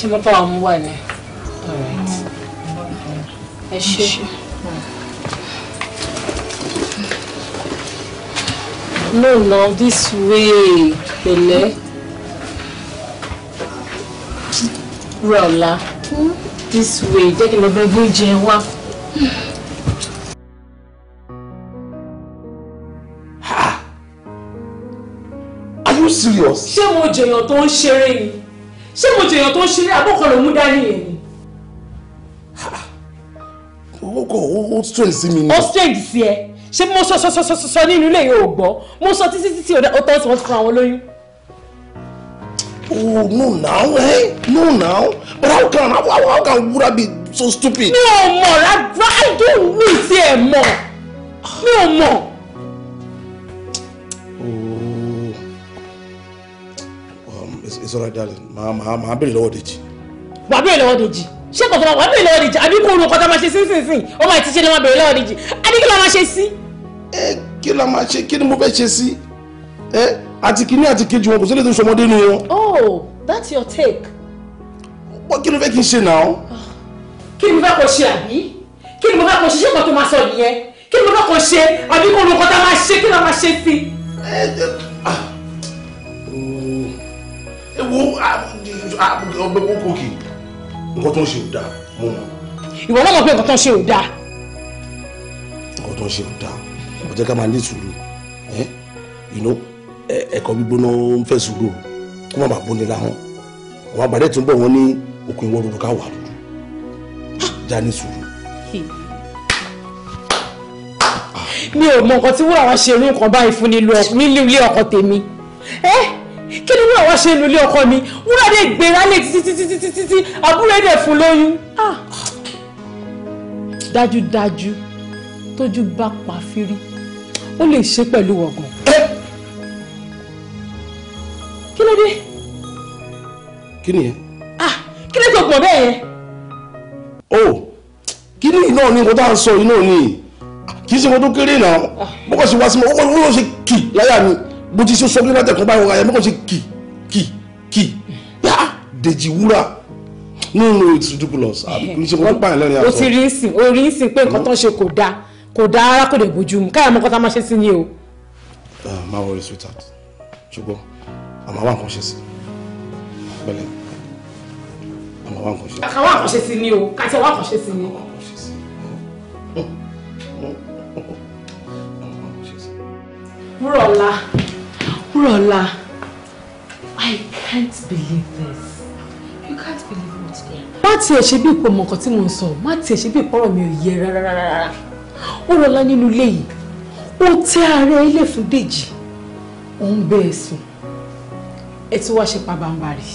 Mm. ṣé bàbá wa wà ní. ẹ ṣe. Mm. no no this way pẹ̀lẹ́ rẹ̀ mm. this way jẹ́ kí n lọ bẹ́ẹ̀ gbé jẹ wá. Are you serious? ṣé mo jèèyàn tó ń ṣeré ni ṣé mo jèèyàn tó ń ṣeré àbọ̀kọ lòún dání yẹn ni. ó kọ ó strange sí mi ni. ó strange sí ẹ ṣé mo sọ sọ sọ sọ sọ nínú ilé yìí ò gbọ́ mo sọ títí títí ó tọ́ sí wọn fún àwọn olóyún. Oh no now, eh? No now. But how can how, how, how can Wura be so stupid? Mi ò mọ̀ I don't know ṣe more. mọ̀. Mi ò sọ́ra dalẹ̀ màá màá bèrè lọ́wọ́ dèjì. wàá bèrè lọ́wọ́ dèjì ṣé kò tó wàá bèrè lọ́wọ́ dèjì àbí kò rò kọ́tà máa ṣe sínsìnsìn ó máa ti ṣe ni wàá bèrè lọ́wọ́ dèjì àbí kí ló máa ṣe sí. ẹ kí ló máa ṣe kí ni mo fẹ́ ṣe sí ẹ àti kìíní àti kejì wọn kò sílẹ̀ tó ń sọmọdé nu wọn. oh that's your take. wọ́n kí ló fẹ́ kí n ṣe náà. kí ni mo fẹ́ kó ṣe àbí kí ni mo fẹ́ kó ṣe ṣé kò tó máa sọ nìyẹn kí ewu ọgbẹ́ kókó kì nǹkan tó ń ṣe ò dáa mo mọ̀. ìwọ náà mọ̀ pé nǹkan tó ń ṣe ò dáa. nǹkan tó ń ṣe ò dáa ó jẹ́ ká máa ní sùúrù ẹ̀kọ́ gbígbóná ń fẹ́ sùúrù kó má bàa bóni láhùn àwọn àgbàdo tún bọ̀ wọ́n ní òkun ìwọ lóru ká wà lóru já ní sùúrù. mi ò mọ nǹkan tí wúrà wá ṣe irú nǹkan báyìí fún nílé ọkọ tèmi. Eh? kí ni wúrà wá ṣe ń lulẹ̀ ọkọ mi wúrà dé gbéra lé títí títí títí títí àbúrò dẹ̀ fún lóyún. Ah! dájúdájú tójú bá pa fírí ó lè ṣe pẹ̀lú ọ̀gàn. kí ló dé. kí ni ẹ. ah kí ló tó pọ̀ bẹ́ẹ̀ yẹn. o kí ni iná ni nǹkan tá sọ iná ni kì í ṣe nǹkan tó kéré náà ah! bó kàn ṣe wá sí mi ó kàn ṣe kì láyà mi mo ti ṣe sọgbẹ́ látẹ̀ kan báyìí wọ́n ayẹmọ́ kò ṣe kì kì kì yá dèjì wúrà no no it's ridiculous àbí ah, ṣe kò pààyàn lẹ́rìn àṣọ. o ti rí ìsìn o rí ìsìn pé nǹkan tó ń ṣe kò dáa kò dáa rárá kò dẹ̀ bójú mu káyọ̀ mọ́kọ́tà máa ṣe sí ni o. Ah, má wọrí sweetheart ṣùgbọ́n àmọ́ àwọn àkànṣe sí pẹ̀lẹ́ àmọ́ àwọn àkànṣe. àkàwọn àkànṣe sí ni o kàtí àwọn àkànṣe sí ni. Múrọ̀lá. Rola, I can't believe this. You can't believe what's there. Má tiẹ̀ ṣe bí ipò mọ̀kàn tí mo ń sọ, má tiẹ̀ ṣe bí ìpọ́rọ̀ mi ò yẹ rárá rárá. Ó Rola nínú ilé yìí, ó tẹ́ ààrẹ ilé fún Dèjì, ó ń bẹ́ ẹ sùn. Ẹ ti wá ṣe pabambarì.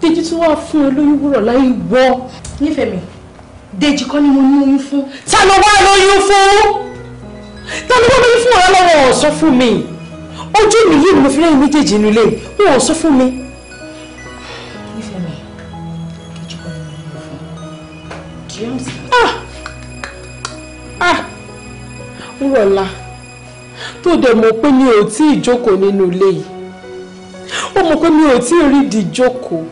Dèjì tún wá fún ẹ lóyún wúrọ̀ láyé wọ́. Nífẹ̀ẹ́ mi, Dèjì kọ́ ni mo ní oyún fún. Ta ló wá lóyún fún? Ta ló wá lóyún fún ọ̀rẹ́ lọ́wọ́ ọ̀sán fún mi? ojú mi yìí mo fi rẹ́yìn méjèèjì inú ilé mi wọn ò sọ fún mi. Ah! Ah! rọ̀la tó dẹ̀ mọ̀ pé mi ò tí ì jókòó nínú ilé yìí ó mọ̀ pé mi ò tí ì rí di jókòó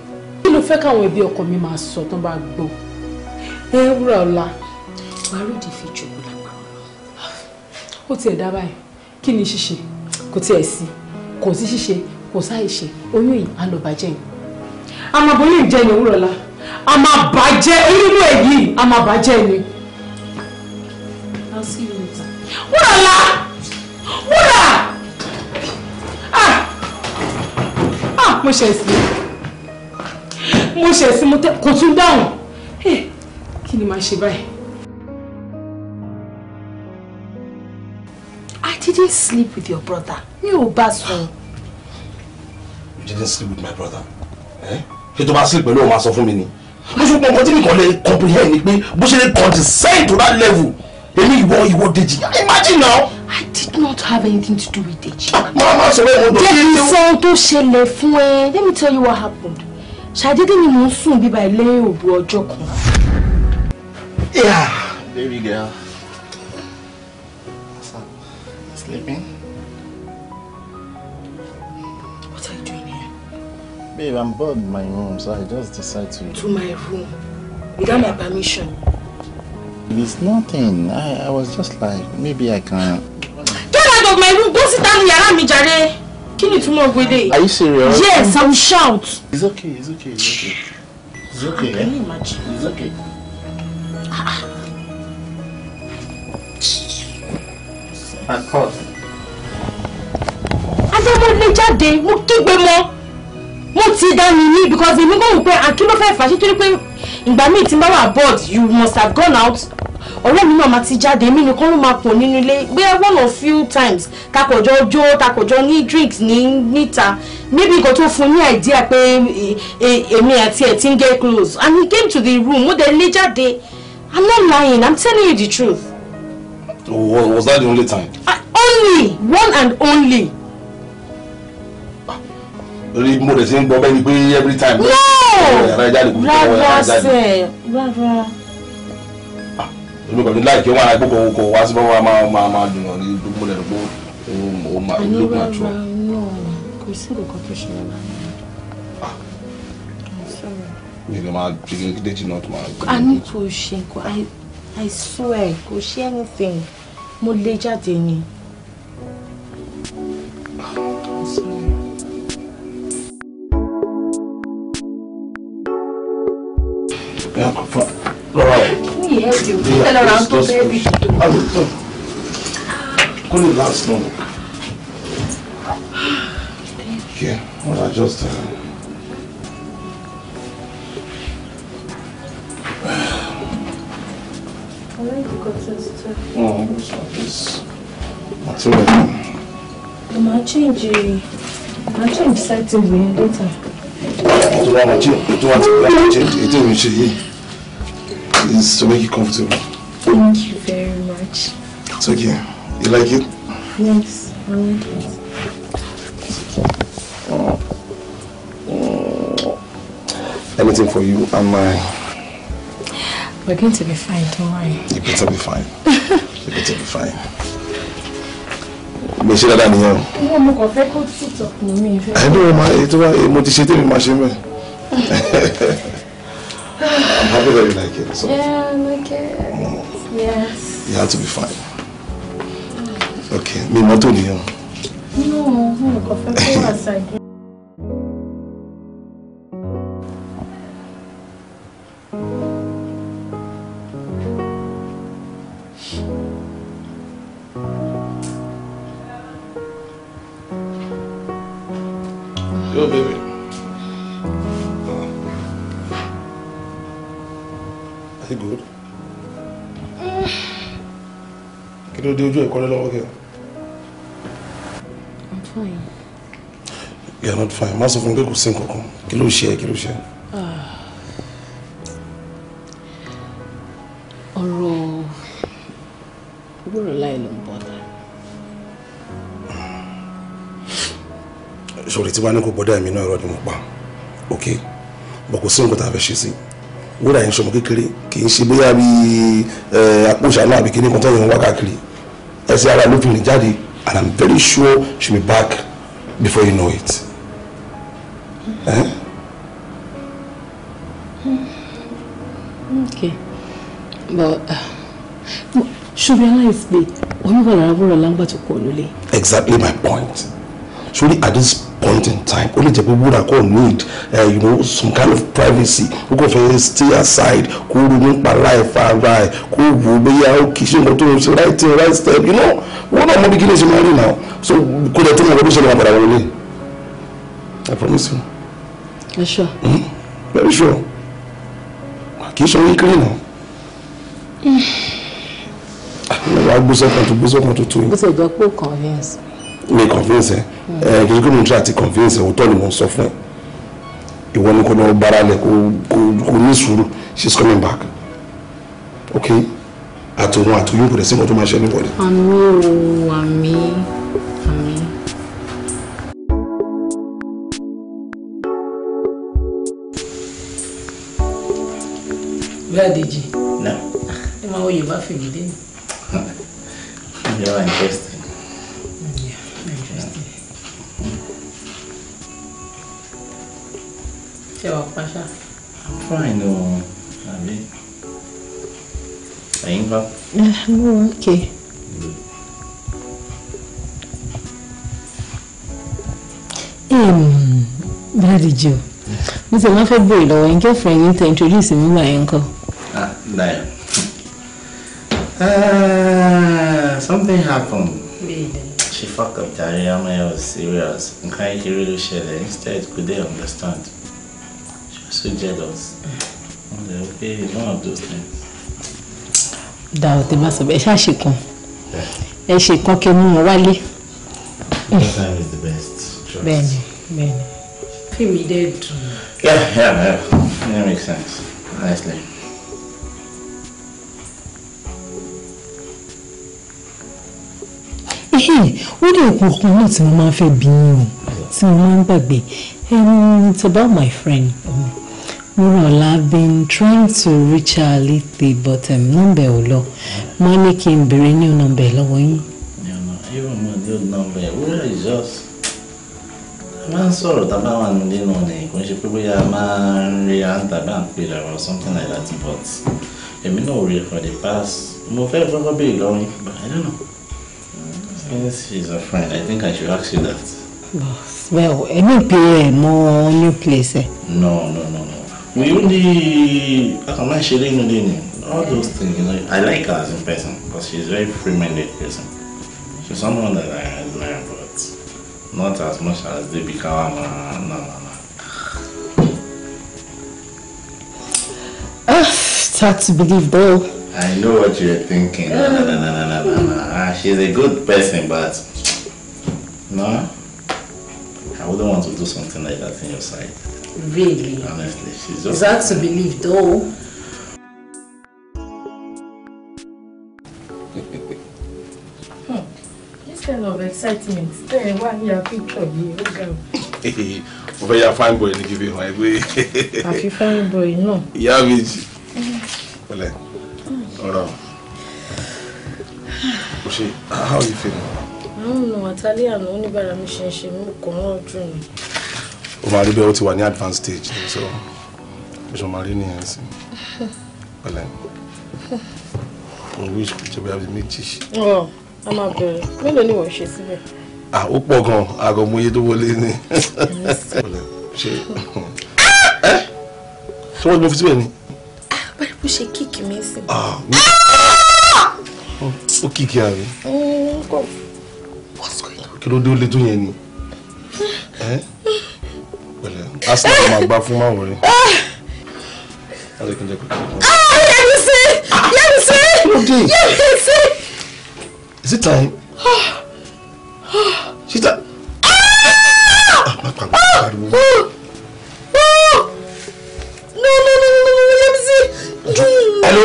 kí ló fẹ́ káwọn ẹbí ọkọ mi máa sọ tó bá gbọ́ ẹ rọ̀la wàá rí di fi jókòó lápá ó tiẹ̀ dá báyìí kí ni ṣíṣe kò tiẹ̀ sí kò sí ṣíṣe kò sáì ṣe oyún yìí á lọ bàjẹ́ yìí a máa bọ́ yóò jẹ́ ẹni òwúrọ̀ la a máa bàjẹ́ onírúurú èyí a máa bàjẹ́ ẹni. wúrà ah ah mo ṣe sí mo ṣe sí mo tẹ kò tún dáhùn eh, kí ni màá ṣe báyìí. didn't sleep with your brother. you bastard? You didn't sleep with my brother? Eh? You don't sleep with òun máa sọ fún mi ni? Mo ṣe gbọ́n nǹkan tí mi kàn lè comprehend ni pé bó ṣe lè condescend to that level. Èmi ìwọ ìwọ Deji. Imagine now. I did not have anything to do with Deji. Màmá sọ pé mo dọ̀ kí ló. Jẹ́ Let me tell you what happened. Ṣàdédé ni mò ń sùn bíbá ilé òru your kan. Yeah, baby girl. Sleeping? What are you doing here? Babe, I'm bored in my room, so I just decided to... To my room? Without my permission? It's nothing. I, I was just like, maybe I can... Get out of my room! Go sit down in yàrá mi jàre! Kí ni ìtumọ̀ Are you serious? Yes, I will shout. It's okay, it's okay, it's okay. It's okay, eh? can you imagine? It's okay. Ah, ah. and cut. adémọ́lé jáde mo kígbe mọ́ mo ti dánú ní because èmi gbóhùn pé àkí ló fẹ́ẹ́ fà ṣe torí pé ìgbà míì tí n bá wà bored you must have gone out ọ̀rẹ́ mi náà máa ti jáde èmi nìkan ló máa pọ̀ nínú ilé bóyá one or few times takọ̀jọ́ jó takọ̀jọ́ ní drinks ní níta maybe nǹkan tó fún ní idea pé e, e, èmi àti ẹ̀ ti ń get close and he came to the room mo dẹ̀ lé jáde i'm not lying i'm telling you the truth. Was, was that the only time? Uh, only one and only. Lórí mo rẹ̀ sí ń gbọ́ bẹ́ẹ̀ ni pé every time. No! Rárá sẹ̀, rárá. Ah, èmi kàn ní láìpẹ́ wọn àgbẹ̀ kò kò wá sí báwa máa máa máa dùn ọ̀ ní gbogbo rẹ̀ gbogbo òun máa ló máa tún. Àní rárá náà kò sí nǹkan tó ṣe rárá. Ah. Mi ò lè máa jẹ́ kí dẹ́tì náà tó máa. A ní kò ṣe nǹkan. I swear, kò ṣe anything. Mo lè jáde ni. Kò ní last long. Ah, yeah, well, I just. Uh, I like the curtains too. Oh, it's not this. That's all right. I'm going to change it. I'm change setting here You don't want to change. You don't want to change. You don't want to change. It's to make you comfortable. Thank you very much. It's okay. You like it? Yes, I like it. Anything for you and my We're going to be fine, don't worry. You better be fine. you better be fine. Mo ṣe dáadáa nìyẹn o. Mo mú kàn fẹ́ kó títọ̀ ní mi ìfẹ́. Ẹ bí mo máa ètò wa mo ti ṣe tèmi máa ṣe mẹ́rin. I'm happy that you like it. So. Yeah, I like Yes. You have to be fine. Okay, mi mọ́tò nìyẹn o. No, mo kàn fẹ́ kó wà sàgbé. ló dé ojú ẹ̀kọ́ lọ́wọ́ kẹ́. I'm fine. You not fine. Má sọ fún mi pé kò sí nǹkan kan. Kí ló ṣe ẹ́? Kí ló ṣe ẹ́? Ah. ọ̀rọ̀ gbọ́rọ̀ láì ló ń bọ̀ dà. sọ̀rọ̀ tí wàá ní kò bọ́dá mi náà irọ́ ni mo pa ok bọ̀ kò sí nǹkan tá a fẹ́ ṣe sí wúrà yẹn sọmọ kékeré kì í ṣe bóyá bíi apò eh, ìṣáná àbí kíní kan tó yẹn ń wá káàkiri ẹsẹ̀ ara ló fi rìn jáde and i'm very sure she'll be back before you know it. Eh? okay but uh, she realize pé oyún wà lára wúrọ̀ lágbàtò kọ̀ lólè. exactly my point surely at this appointed time only the people pé wúrà kò need uh, you know, some kind of privacy ó go for stay aside kó ronú pa láìfa ara ẹ̀ kó wò ó bóyá ó kì í ṣe nǹkan tó right thing right step you know wọ́n náà mọ bí kí ni ṣe so could I tell mọ̀ lọ́dún ṣe lè máa padà wọlé I promise you. Sure. ṣọ. Hmm? very sure kì í ṣe orí kiri náà ah, wàá gbósọ̀kan tó gbósọ̀kan tó tó yìí. bó ṣe jẹ́ pé convince. mi convince ẹ. Eh? ẹ kìí kí mo try àti convince òótọ́ ni mo sọ fún ẹ ìwọ ni kò náà bára lẹ kò ní sùúrù she is coming back okay àtòun àtòyún kò dẹ̀ sí nǹkan tó máa ṣe níbọ̀dé. àmì o àmì àmì. Bíládéjì. Náà. Ẹ máa wọ Yorùbá fèmí lẹ́nu. Ìjọba ń tẹ́sítì. ṣe wà pàṣà. fine o àbí ẹ̀yin oh, um, bá. mo wà ókè. dáàdì jù mo sì máa fẹ́ bèrè lọ́wọ́ yín girlfriend yín tẹ̀ introduce mi wà yín kọ́. ah dayọ. Uh, something happened. She fucked up Daria. I was serious. Nkan ìṣeré ló ṣẹlẹ̀ instead could they understand? so jealous. Wọ́n one of those things. Dàrú tèmi àṣọ ẹ ṣáà ṣe kan. Ẹ ṣe kan kí time is the best choice. Bẹ́ẹ̀ni bẹ́ẹ̀ni. Fíìmù dẹ́ dùn. Yeah, yeah, yeah. That makes sense. Nicely. hey, dé nǹkan kan náà tí mo máa ń fẹ́ bí about o tí mo my friend. Mm -hmm. I've been trying to reach her lately but nọ́mbẹ̀ um, number lọ. Má ní kí n bèrè new number lọ́wọ́ Even my mọ number Where is yours? I'm not sure. sọ̀rọ̀ tá a bá wà nínú ni probably ń ṣe pé bóyá a máa ń rí àǹtà bá something like that but èmi náà ò rí for the past. Mo fẹ́ fọ́kọ́ bí Ìlọrin but I don't know. Since she's a friend, I think I should ask you that. Boss, well, any pay more new place? Eh? No, no, no, no we only I can share Shireen Udini. All those things, you know. I like her as a person because she's a very free-minded person. She's someone that I admire, but not as much as they become. Uh, no, no, no. it's hard to believe, though. I know what you're thinking. Nah, nah, nah, nah, nah, nah. no. She's a good person, but no. I wouldn't want to do something like that in your sight. Really? Honestly, she's okay. Is that to believe though? Hmm. kind of excitement. There, one year picture you go. Over a fine boy ni give you my way. Àfi fine boy no. Ìyá mi jì. Ole. Hmm. Ọ̀rọ̀. Oṣé, how are you feeling? I don't know, Italian oníbàárà mi ṣe ń ṣe mú kò ó máa rí bẹ́ẹ̀ ó ti wà ní advanced stage so bó ṣe máa rí nìyẹn sí pẹ̀lẹ́ òun wíṣ kò jẹ́ bí i méjì. ọ a máa bẹ̀rẹ̀ mélòó ni wọ́n ṣe síbẹ̀. à ó pọ̀ gan-an aago mọ iye tó wọlé ni ṣe ẹ ṣé wọ́n ti mọ fi síbẹ̀ ni. Ah, báyìí bó ṣe kíkì mi sí. ó kíkì ààrẹ. Mm, kí ló dé ó lé tó yẹn ni. Ah pẹ̀lẹ́ asma tó máa gbá fún máwùn rẹ. yẹ́mi sí yẹ́mi sí yẹ́mi sí. is it time? ṣí ta. àpapọ̀ àpariwo. no no no no no yẹ́mi sí. hello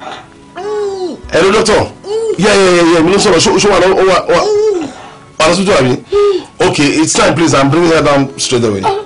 ah! hello doctor mm. yeah. yẹ yẹ yẹ mi ló sọ̀rọ̀ ṣó wà lọ́wọ́ wa. Hospital, mm. mm. okay, it's time, please. I'm bringing her down straight away. Ah.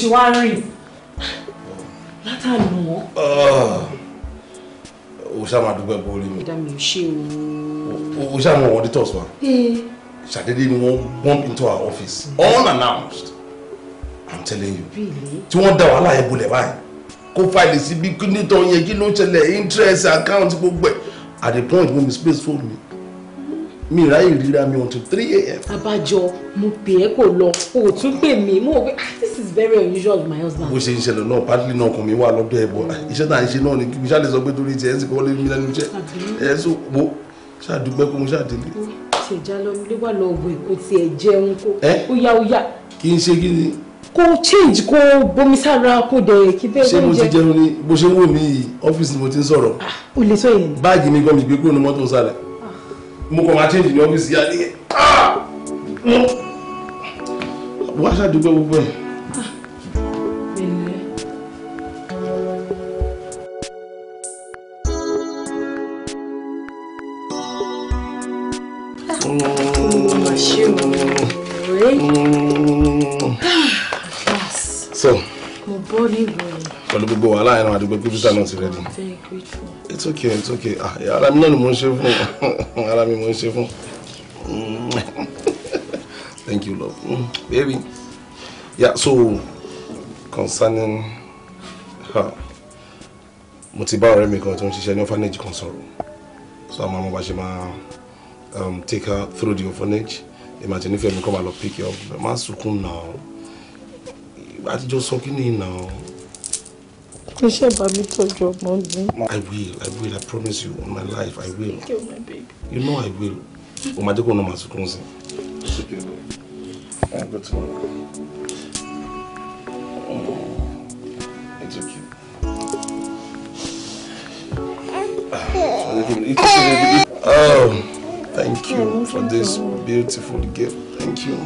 ṣe wá rìn látàánú wọn. Ah. o ṣáà máa dúpẹ́ borí mi. ìdá mi ò ṣe o. o ṣáà mọ àwọn auditors wa. ṣàdédé ni wọ́n bump into our office unannounced i'm telling you. tí wọ́n dá wàhálà yẹn bolẹ̀ báyìí kó fàìlì síbi kí nítorí yẹn kí ló ń ṣẹlẹ̀ interest account gbogbo ẹ̀ at the point when mi space fóònù mi mi ráyè ríra mi until three a.m. abájọ mo pè é e kò lọ o tún pè mí mo wò pé ah, this is very unusual with my husband. bó ṣe ń ṣẹlẹ̀ náà partly náà ọkàn mi wà lọ́dọ̀ ẹ̀ bọ̀ iṣẹ́ tá à ń ṣe náà ni kí michelle sọ pé torí tiẹ̀ ń sìnkú wọlé mi lẹ́nu iṣẹ́ ẹ̀ ṣó mo ṣàdúpẹ́ kó mo ṣàdélé. ṣe ìjà lọ ilé wà lọ ògùn kò tiẹ̀ jẹun kó ó yá ó yá. kì í ṣe kí ni. kó change kó bomi sára kó dẹ̀ kí bẹ́ẹ̀ ló ń jẹ. ṣé mo ti jẹun ni bó ṣe ń wò mí ọ́fíìsì mo ti ń sọ̀rọ̀. Ah, o lè sọ yẹn. báàgì mi gan mi gbé kúrò ní mọ́tò sálẹ̀ mo kàn máa change ní ọ́fíìsì yá nìyẹn wọ́n ṣàdúgbò gbogbo ẹ̀. Ah, so. Mo bọ́ nílùú pẹ̀lú gbogbo wàhálà yẹn àdúgbò pé peter náà ti rẹ̀ dì. it's okay it's okay ah, ara mi náà ni mo ń ṣe fún ara mi mo ń ṣe fún thank you love mm, baby yeah so concerning her mo ti bá ọ̀rẹ́ mi kan tó ń ṣiṣẹ́ ní orphanage kan sọ̀rọ̀ so àwọn ọmọ ṣe máa um, take her through the orphanage èmi àti onífẹ̀ẹ́ mi kọ́ máa lọ pick her up máa sunkún náà àtijọ́ sọ kí ni náà. Mo ṣe bá mi tọ́jú ọmọ mi. I will, I will, I promise you on my life, I will. Thank you, my baby. You know I will. my O máa jẹ́ kó ọ̀nà màá sunkún sí. It's okay. Oh, thank you for this beautiful gift. Thank you.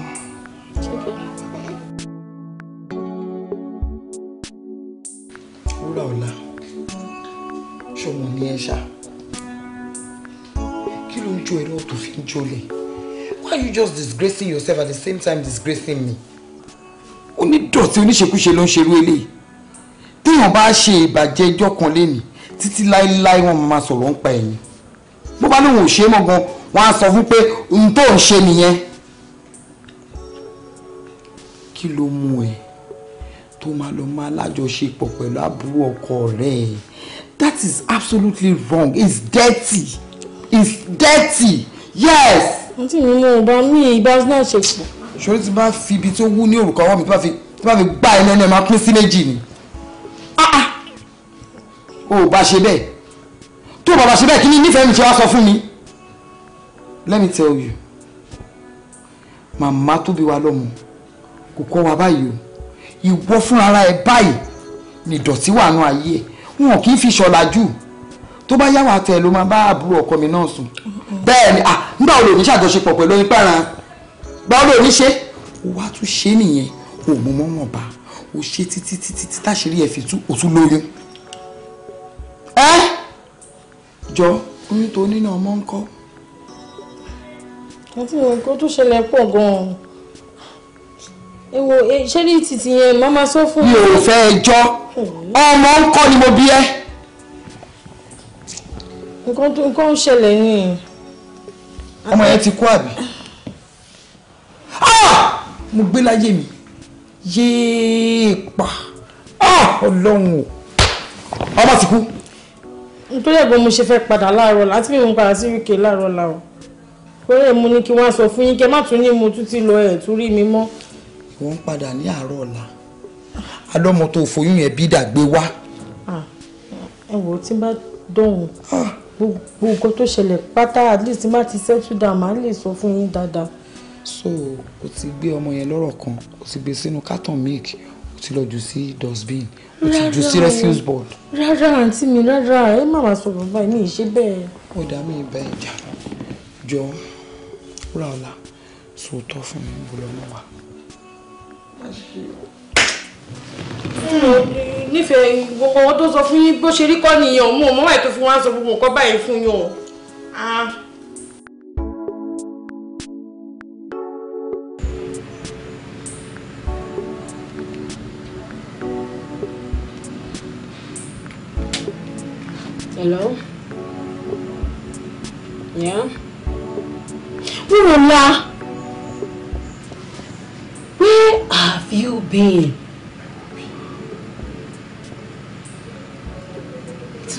wúrà ọ̀la ṣọmọ ní ẹ ṣá kí ló ń jó ẹ tó fi ń jólè why are you just disgracing yourself at the same time disgracing me onídọ̀tí oníṣekúṣe ló ń ṣerú eléyìí téèyàn bá ṣe ìbàjẹ́ ẹjọ́ kan lénìí títí láéláé wọn máa sọ̀rọ̀ ń pa ẹ̀yìn bó bá lóun ò ṣe é mọ́ gan wọn á sọ fún pé ohun tó ń ṣe nìyẹn kí ló mú ẹ tó máa lọ máa lájọṣepọ̀ pẹ̀lú àbúrò ọkọ rẹ̀ that is absolutely wrong it's dirty it's dirty yes. àǹtí mi mo bá mi ìbá náà ṣe pọ̀. ṣòro tí bá fi ibi tó wú ní òrùka ọwọ́ mi tí bá fi gbá ẹ lẹ́nu ẹ̀ máa pín sí méjì ni ah, ah. o ò bá ṣe bẹ́ẹ̀ tó o bá bá ṣe bẹ́ẹ̀ kí ni nífẹ̀ẹ́ mi ṣe wá sọ fún mi let me tell you màmá tó bí wa lọ́mọ kò kọ́ wa báyìí o ìwọ fúnra ẹ báyìí ni ìdọ̀tí wà nù ayé ẹ wọn kì í fi ṣọ̀làjú tó bá yáwó àtẹ ló máa bá àbúrò ọkọ mi náà sùn bẹ́ẹ̀ ni ah nígbà wo lòní ṣàjọṣepọ̀ pẹ̀lú oyin pẹ́ran gbà wo lòní ṣe ó wá tún ṣe nìyẹn ò mú mọ́ wọn bá ó ṣe títí títí tí táṣírí ẹ̀ fi tú ó tún lóyún ẹ jọ oyún tó nínú ọmọ ń kọ́. àti nǹkan tó ṣẹlẹ̀ pọ̀ gan-an ewo ṣé ní títì yẹn màmá sọ fún mi. mi ò fẹ́ ẹjọ́ ọmọ ń kọ́ ni mo bí ẹ́. nǹkan ń ṣẹlẹ̀ ni. ọmọ yẹn ti kú àbí. Ah! mo gbé láyé mi yéé pa ah! ọlọ́run o ọmọ ti kú. nítorí ẹ̀gbọ́n mo ṣe fẹ́ padà láàárọ̀ láti bí mo padà sí uk láàárọ̀ làwọn pẹ̀lú ẹ̀ mo ní kí wọ́n á sọ fún yín kẹ́ má tún ní mo tún ti lọ ẹ̀ tún mi mọ́ ìwọ ń padà ní àárọ̀ ọ̀la adọ́mọ tó foyún yẹn bí dàgbé wá. Ah, ẹ wò ó tí bá dọ̀hùn ah. gbogbo nǹkan tó ṣẹlẹ̀ pátá at least má ti settle down má lè sọ fún yín dáadáa. so o ti gbé ọmọ yẹn lọ́rọ̀ kan o ti gbé sínú carton milk o ti lọ jù sí dustbin o ti jù sí refuse board. rárá àǹtí mi rárá ẹ má máa sọ bàbá mi ì ṣe bẹ́ẹ̀. ó dá mi ìbá ẹ̀ jà jọ wúrà ọ̀la sòótọ́ fún mi bó lọ́mọ wa. Hmm, nífẹ̀ẹ́ gbogbo wọn tó sọ fún yín bó ṣe rí kọ́ nìyẹn mo mọ́ ẹ̀ tó fún wa sọ gbogbo nǹkan báyìí fún yín o. Ah. Hello? Yeah? Wúrò ńlá. It's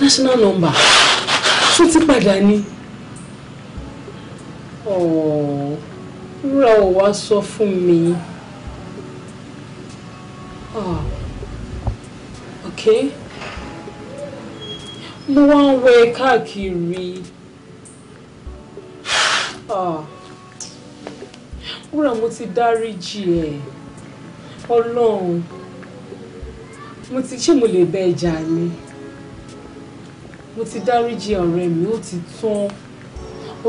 national number ṣó ti padà ni wúrà ò wá sọ fún mi ah. ok mo wá wake wẹ kiri. wúrà ah. mo ti dáríjì ẹ. Eh. Ọlọ́run mo ti ṣé mo lè bẹ ẹjà ni mo ti dáríjì ọ̀rẹ́ mi ó ti tán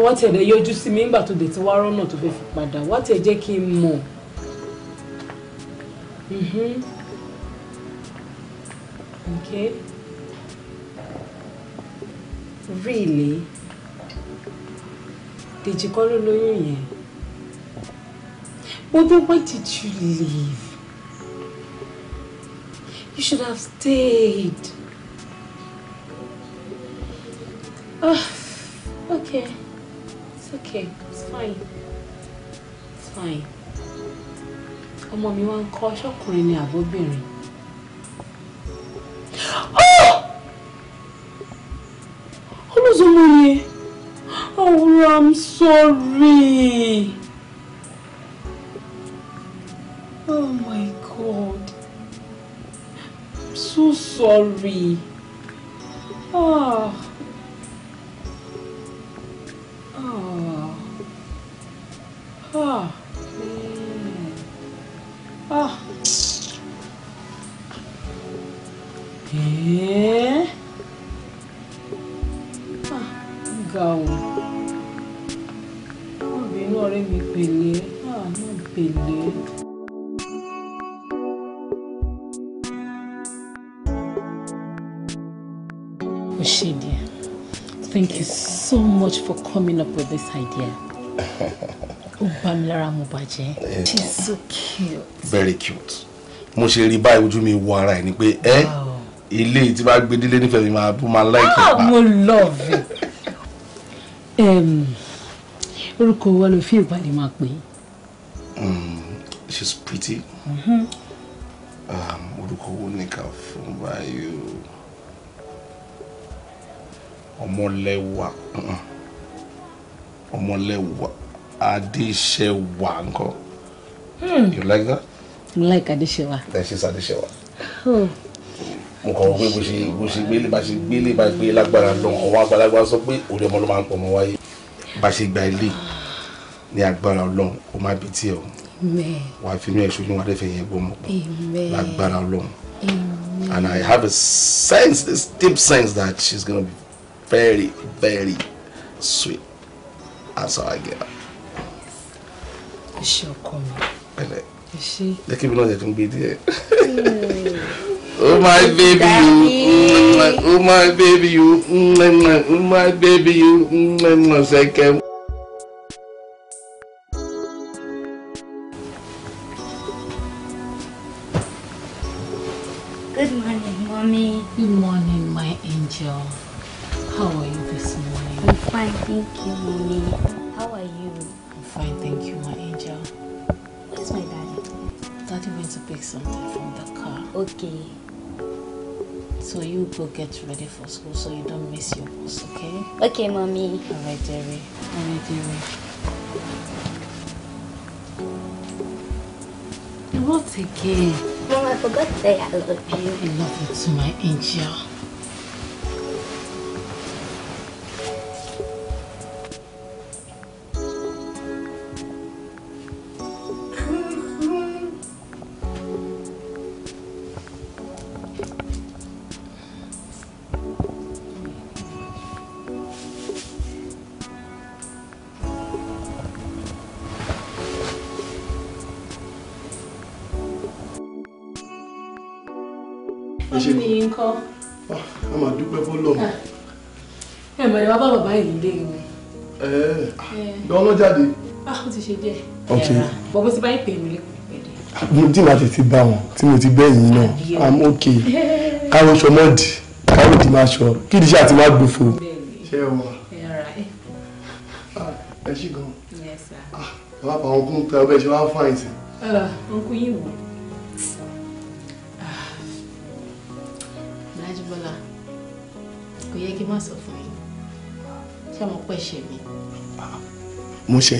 wọ́n ti ẹ̀dẹ̀ yọjú sí mi nígbà tó dé ti wá rọ́nà tó fẹ́ fi padà wọ́n ti ẹ̀ jẹ́ kí n mọ̀ mm-hmm. okay really did you ló lóyún yẹn but then why did you leave? You should have stayed. Oh, okay. It's okay. It's fine. It's fine. Ọmọ mi wá ń kọ́ ṣọ́kùnrin ni àbóbìnrin. Olùsọmọ ah! yẹn, oh, I'm sorry. sorry. Oh. much for coming up with this idea. Obamilara Mubaje. Eh. She's so cute. Very cute. Mo ṣe rí báyìí ojú mi wọ ara ẹ̀ ni pé ẹ́ eh, ilé tí bá gbé délé nífẹ̀ẹ́ mi máa bú máa láìpẹ́ ah, pa. Mo love it. Orúkọ wa ló fi ìbàlẹ̀ máa pè é. Hmm, she's pretty. Mm-hmm. Um, orúkọ wo ni ká fún báyìí o? Ọmọlẹ́wà. Mm -hmm. Ọmọlẹ́wà Adéṣẹ́wà ńkọ́. Hmm. You like that? I like Adéṣẹ́wà. Then she's Adéṣẹ́wà. Oh hmm. mo kàn wọ́n pé bó ṣe bó ṣe gbélé bá ṣe gbélé bá gbé lágbára lọ ọwọ́ àgbàlagbà sọ pé òde ọmọ ló máa ń pọ̀ mọ́ wáyé bá ṣe gba ilé ní agbára ọlọ́run ó máa bí tiẹ̀ o wà á fi inú ẹ̀ṣọ́ ní wàá dẹ́fẹ̀ yẹn gbọ́ mọ́ lágbára ọlọ́run and I have a sense this deep sense that she's gonna be very very sweet that's how I get up. ẹ ṣe come? mi. pẹ̀lẹ́ ẹ ṣe. jẹ kí mi náà there. Oh, oh my baby you oh my baby you oh my baby you My second. Good morning, mommy. Good morning, my angel. How are you this morning? Fine, thank you, mommy. How are you? I'm fine, thank you, my angel. Where's my daddy? Daddy went to pick something from the car. Okay. So you go get ready for school so you don't miss your bus, okay? Okay, mommy. Alright, right, dearie. All right, dearie. What again? Mom, I forgot to say I love you. I love you too, my angel. sọ̀rọ̀ báyìí lè mi. ẹ ẹ lọ lọ jáde. a ah, ó ti ṣe díẹ̀. ok bọ bó ti bá ìpè mi lẹkọọ ìpẹdẹ. mo tí màá tètè bá wọn tí mo ti bẹ́ẹ̀ náà i'm ok káwọn ṣọ mọ́ di káwọn ti máa ṣọ kí ìdíṣẹ́ àti máa gbòfo. ṣé o wà ẹ ṣì gan. Ah, bàbá àwọn kún tẹ ọbẹ̀ ṣe wá fún àìsàn. Ah, yìí wò. mo ṣe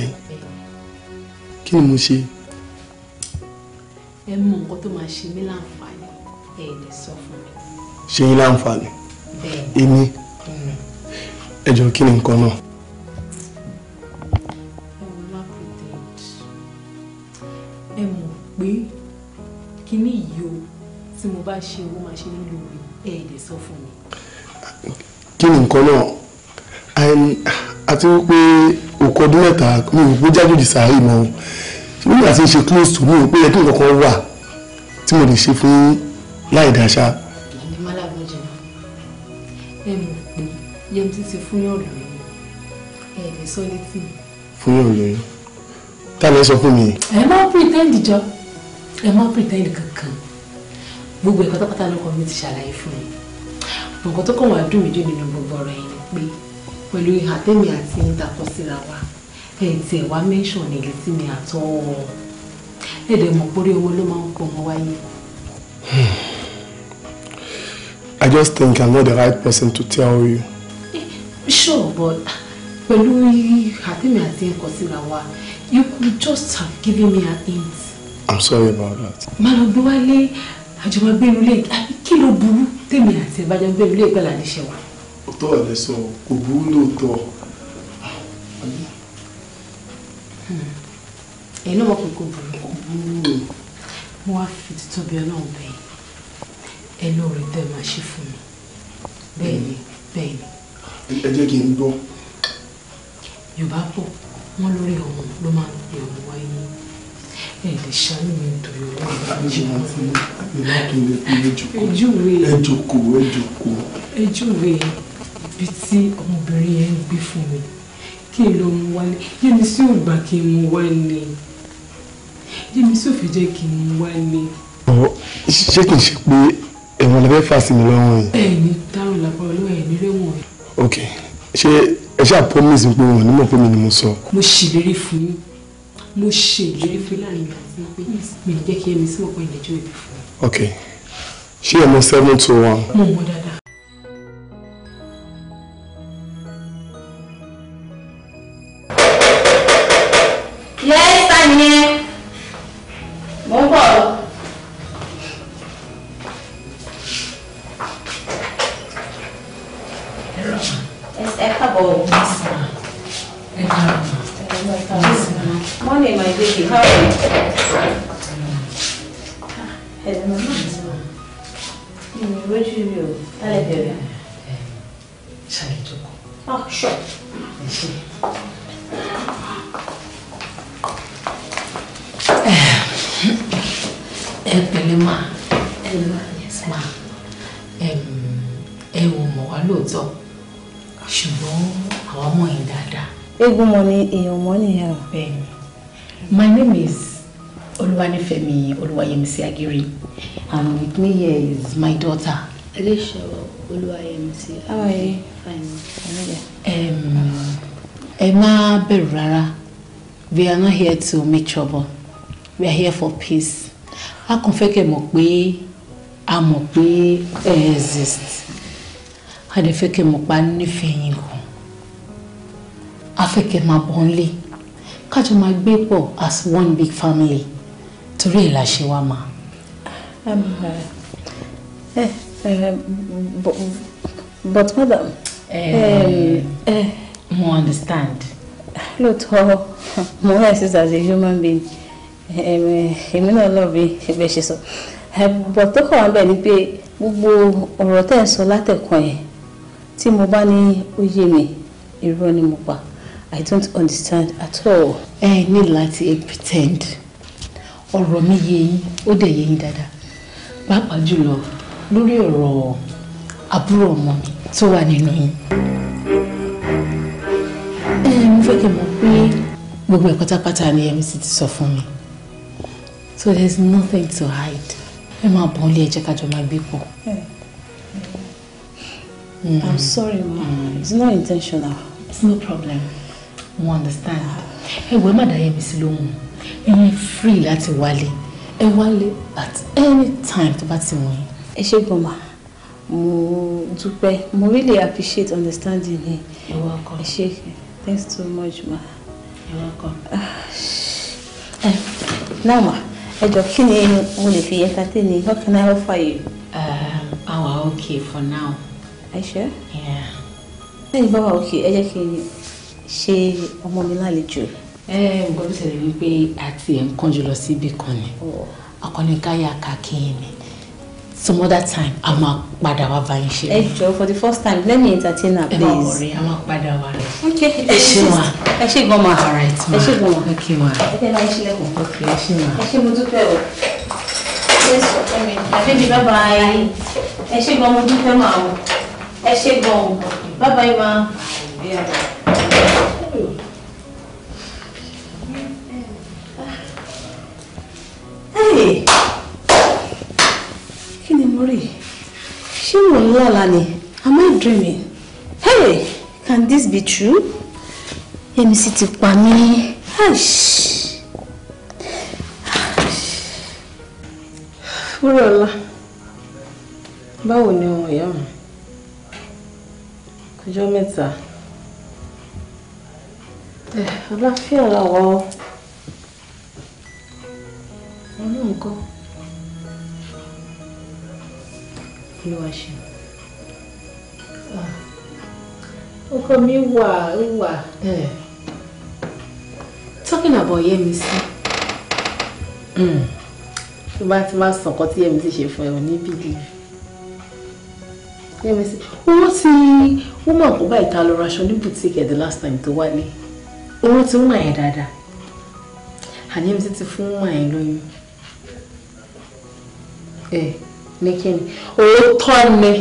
kí ni mo ṣe. ẹ mọ nǹkan tó máa ṣe mí láǹfààní ẹ lè sọ fún mi. ṣe yín láǹfààní èmi mm. ẹ jọ kí ni nǹkan náà. mo bá ṣe owó máa ṣe nílò mi ẹ lè sọ fún mi. kí ni nǹkan náà àti wípé kọ ọdún mẹ́ta mi ò gbé jáde òdì sàárè mọ́ o nígbà tí n ṣe close to mi ò pé yẹ kí nǹkan wà tí mo lè ṣe fún láì dáṣà. ẹni má lágbo jẹ ẹ mọ̀ pé yẹmí ti fún yàn lóyún ẹ lè sọ létí. fún yàn lóyún tá lè sọ fún mi. ẹ má pretend jọ ẹ má pretend kankan gbogbo ẹ̀ pátápátá lọkọ mi ti ṣàlàyé fún mi nǹkan tó kàn wá dùn mí jù nínú gbogbo ọ̀rọ̀ yẹn ni pé pẹ̀lú ìhà tẹ́mi àti ìdàkọsíra wa ẹ̀ wá mẹ́ṣọ̀ nílé tí mi àtọ́ ẹ̀dẹ̀ mọ̀ pórí owó ló máa ń pọ̀ wọ́n wáyé. Hmm. I just think I'm not the right person to tell you. Eh, sure, but pẹ̀lú ìhà tẹ́mi àti ìkọsíra wa you could just have given me an hint. I'm sorry about that. Màlúù wálé àjọmọ̀ gbẹ̀rù lè kí ló burú tẹ́mi àti ìbájọ́ gbẹ̀rù lè gbẹ̀là níṣẹ́ wa òótọ́ ẹ̀ lẹ́sọ kò burú lóòótọ́ ẹ̀ náà mọ̀ pé kò burú kò burú mo wá fi títóbi ọlọ́run bẹ́ẹ̀ ẹ lóore tẹ́ máa ṣe fún mi bẹ́ẹ̀ ni bẹ́ẹ̀ ni. ẹ jẹ́ kí n gbọ́. yorùbá pọ̀ wọ́n lórí ọmọ ló máa ń pè ọmọ wáyé ẹ lè ṣàánú mi nítorí ọlọ́run jí wọn fún mi. ẹ jùwèé ẹ jùwèé ibi tí ọmọbìnrin yẹn ń gbé fún mi kí n lọ mú wálé yémi sí ò gbà kí n mú wálé yémi sí ò fẹ́ jẹ́ kí n mú wálé. ọ̀ ṣé kìí ṣe pé ẹ̀wọ̀n lè fẹ́ fà sí mi lọ́wọ́ yìí. ẹ̀ẹ́ni dárò làbọ̀ lọ́wọ́ ẹ̀mí rẹ̀wọ̀n. ok ṣé ẹ ṣáà promise pé wọn ò ní mọ̀ pé mi ni mo sọ. mo ṣèlérí fún yín mo ṣèlérí fún láàrin àti pé mi ò jẹ́ kí ẹ̀mí sí mọ̀ ìlẹ́jọ́ ìbí fún. ok ṣé ẹ mọ̀ seven two one. mo mọ̀ dáadáa. Eégún mọ ni èèyàn mọ nìyẹn o. my name is Oluwanifemi Oluwayemisi Agiri and with me here is my daughter. Alicia Oluwayemisi. How are you? Fine. Ẹ má bẹ̀rù We are not here to make trouble. We are here for peace. A kàn fẹ́ kẹ́ mọ̀ pé a mọ̀ pé ẹ exist. A dẹ̀ fẹ́ kẹ́ mọ̀ pa nífẹ̀ẹ́ yín kù afẹ́kẹ́ máa bọ̀ ń lé kájọ máa gbé pọ̀ as one big family torí ẹ̀ la ṣe wá máa. Eh, eh, but madam. Eh, mo understand. lóòótọ́ mo wá exist as a human being èmi náà lọ́ọ̀ bí ẹgbẹ́ ṣe sọ but tó kàn wá bẹ́ẹ̀ ni pé gbogbo ọ̀rọ̀ tẹ̀ ń sọ látẹ̀kàn yẹn tí mo bá ní ó mi irọ́ ni mo pa. I don't understand at all. Ẹ ní láti pretend. Ọ̀rọ̀ mi yé yín, ó dẹ̀ yé yín dáadáa. Pàápàá jùlọ lórí ọ̀rọ̀ àbúrò ọmọ mi tó wà nínú yín. Ẹ mo fẹ́ kí n mọ̀ pé gbogbo ẹ̀ pátápátá ni Yẹmísí ti sọ fún mi. So there's nothing to hide. Ẹ máa bọ̀ ọ́lé ẹ̀jẹ̀ kájọ máa gbé pọ̀. I'm sorry ma, mm. it's not intentional. It's no problem mo understand ẹ̀wẹ̀ má dá yẹmi sí lóhùn ẹ̀yin free láti wálé ẹ wálé at any time tó bá ti wọ̀nyí. ẹ ṣe gbọ̀nmà mo dúpẹ́ mo really appreciate understanding yìí ẹ ṣe thanks so much ma. You're welcome. Uh, now ma ẹ jọ kí ni mo lè fi entertain ni how can I offer you. Uh, um, awa okay for now. Are you sure? Yeah. ṣé ìbáwá okay ẹ jẹ́ kí n ṣe ọmọ mi lálejò. nǹkan tó ṣẹlẹ̀ wípé àti ẹ̀ ń kánjú lọ síbi kan ni oh. akọ́nikáyà kàkíyìn ni some other time a máa padà wá báyìí ṣe. ẹ jọ for the first time let me entertain her please. ẹ máa wọrí a máa padà wá. ok ẹ ṣe wá ẹ ṣe gan ma ẹ ṣe gan ma ẹ kí wá. ẹ tẹ́ láyé sílẹ̀kùn. ok ẹ ṣe wá. ẹ ṣe mo dúpẹ́ o. ṣé sọ bàbá ayé ẹ ṣe gan mo dúpẹ́ máa o ẹ ṣe gan o bàbá yìí máa. Ololani, am I dreaming? Hey, can this be true? Yẹ́misí ti pa mí. Wúrọ̀lá, báwo ni ọmọ ìyá mi? Kọjọ́ mẹ́ta. Ẹ̀ eh, àlàáfíà la wà o. Olú Olúwa ṣe. ọkọ mi wà wà talking about Yẹ́misí hmm. tó bá ti máa sàn kan tí Yẹ́misí ṣe fún ẹ ò ní bíbí Yẹ́misí owó tí woman kò bá ìta lọ raṣọ ní boutique ẹ̀ the last time tó wálé owó tí woman yẹn dáadáa àní Yẹ́misí ti fún woman yẹn lóyún ẹ ní kíni òótọ́ ni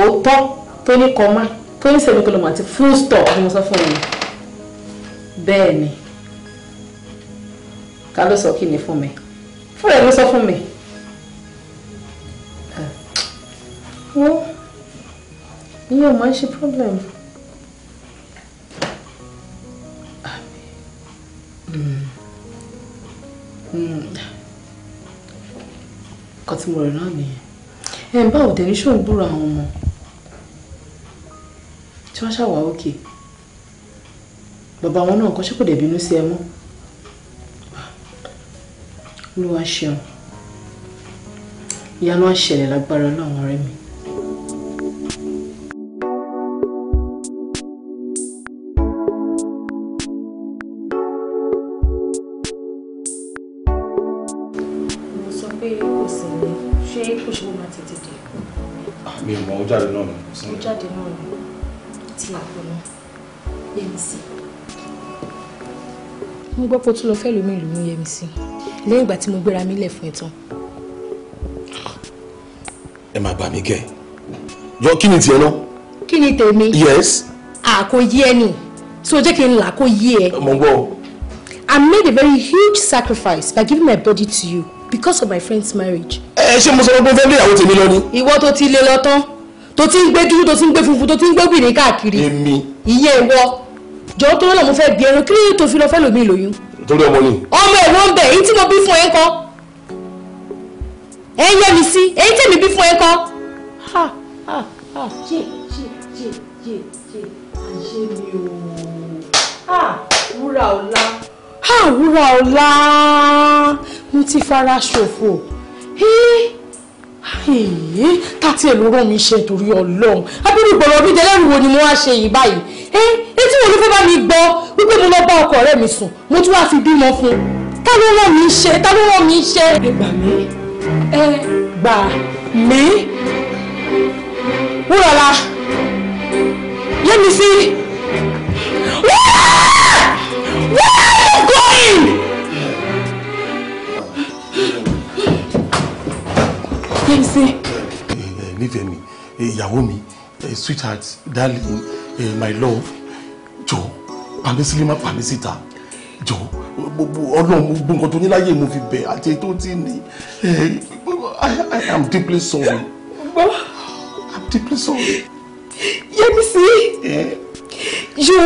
òótọ́ tó ní kọ́ máa prince emekolom àti full stop ni mo sọ fún mi bẹ́ẹ̀ ni ká ló sọ kí ni fún mi fúnra ẹ̀ ló sọ fún mi wọ́n ìyẹn ò máa ń ṣe problem. Hmm. Hmm. kọtí mo rẹ̀ náà nìyẹn ẹ̀ ń bá òdẹ̀ ní ṣòǹgbúrò àwọn ọmọ tí wọ́n ṣàwà òkè bàbá wọn náà kọ́ ṣé kò dẹ̀ bínú sí ẹ mọ́ olúwa ṣeun ìyanu á ṣẹlẹ̀ lágbára ọlọ́run ọ̀rẹ́ mi. Ah, mi ò mọ ó jáde náà ni. ó jáde náà ni àti àgbo náà Yẹmisí. mo gbọ́ pé ó tún lọ fẹ́ẹ́ lómi ìlú mú Yẹmisí lẹ́yìn ìgbà tí mo gbéra mi lẹ̀ fún ẹ tán. ẹ máa bà mí kẹ́ yọ kí ni tiẹ̀ náà. kí ni tèmi. yes. àkó yí ẹ nì so jẹ́ kí n là kó yí ẹ. mo gbọ́. I made a very huge sacrifice by giving my body to you because of my friend's marriage. ẹ ṣé mo sọ pé mo fẹ́ bí ìyàwó tèmi lọ ni. ìwọ tó ti lé lọ tán tó ti ń gbé dúdú tó ti ń gbé funfun tó ti ń gbé gbìnì káàkiri ìyẹn ìwọ jọ̀wọ́ tó lọ́mọ fẹ́ bí ẹran kí ló tó fi lọ fẹ́ lómi ìlóyún. torí ọmọ ni. ọmọ ẹ̀ wọ́n bẹ̀ èyí tí mo bí fún ẹ kọ́ ẹ ń yẹ mi sí èyí tèmi bí fún ẹ kọ́. ha ha ha jẹ jẹ jẹ jẹ jẹ àjẹ mi o ha wúrà ọ̀la. ha wúrà ọ̀la mo ti fara ṣòfò. Hey èyí tàti ẹ̀ ló rán mi ṣe torí ọlọ́run abúlé ìgbọ̀rọ̀ mi jẹlẹ́rù wo ni mo wá ṣe yìí báyìí ẹ eh, etí wo ló fẹ́ bá mi gbọ́ wípé mo lọ bá ọkọ ọ̀rẹ́ mi sùn mo tún wá fi bímọ fún un ta ló rán mi ṣe ta ló rán mi ṣe. ẹ gbà mí ẹ gbà mí wúrọ̀la yẹ́mi sí. nífẹ̀ẹ́ mi ìyàwó mi sweetheart darling my love jọ pàmí sílé má pàmí síta jọ gbogbo ọlọ́run gbogbo nǹkan tó ní láyé mo fi bẹ̀ àti ètò tí ní I am deeply sorry. Bọ́lá. I'm deeply sorry. Yẹ́misí. Yeah. You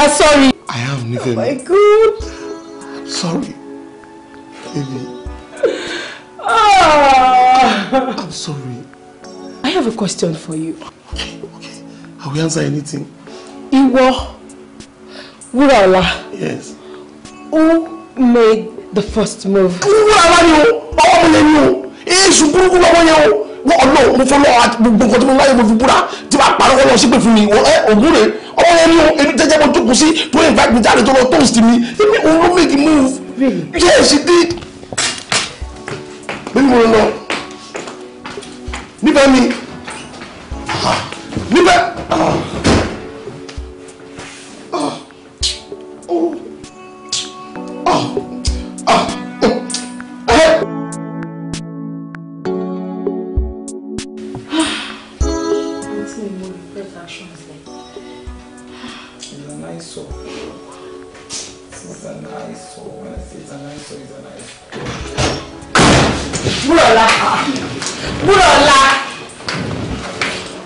are sorry. I am Nifemi. Oh my God. sorry. Baby. Ah. I'm sorry. I have a question for you. Okay, okay. I will answer anything. Iwo, Wuraola. Yes. Who made the first move? Wuraola ni o, ọwọ́ mi lè ní o, èsù burúkú lọ́wọ́ yẹn o wọ́n ọlọ́run mo fọlọ́ gbogbo nǹkan tí mo láyé mo fi búra tí bá parọ́ kọ́ lọ sí pé fún mi ògùn rẹ̀ ọmọ yẹn o èmi tẹ́jẹ́ mo jókòó sí tó invite mi jáde tó lọ toast mi èmi òun ló make move yes she did. bí mo lọ níbẹ̀ ni níbẹ̀. Ah. Ah. Oh. Oh. Oh. Búrọ̀lá.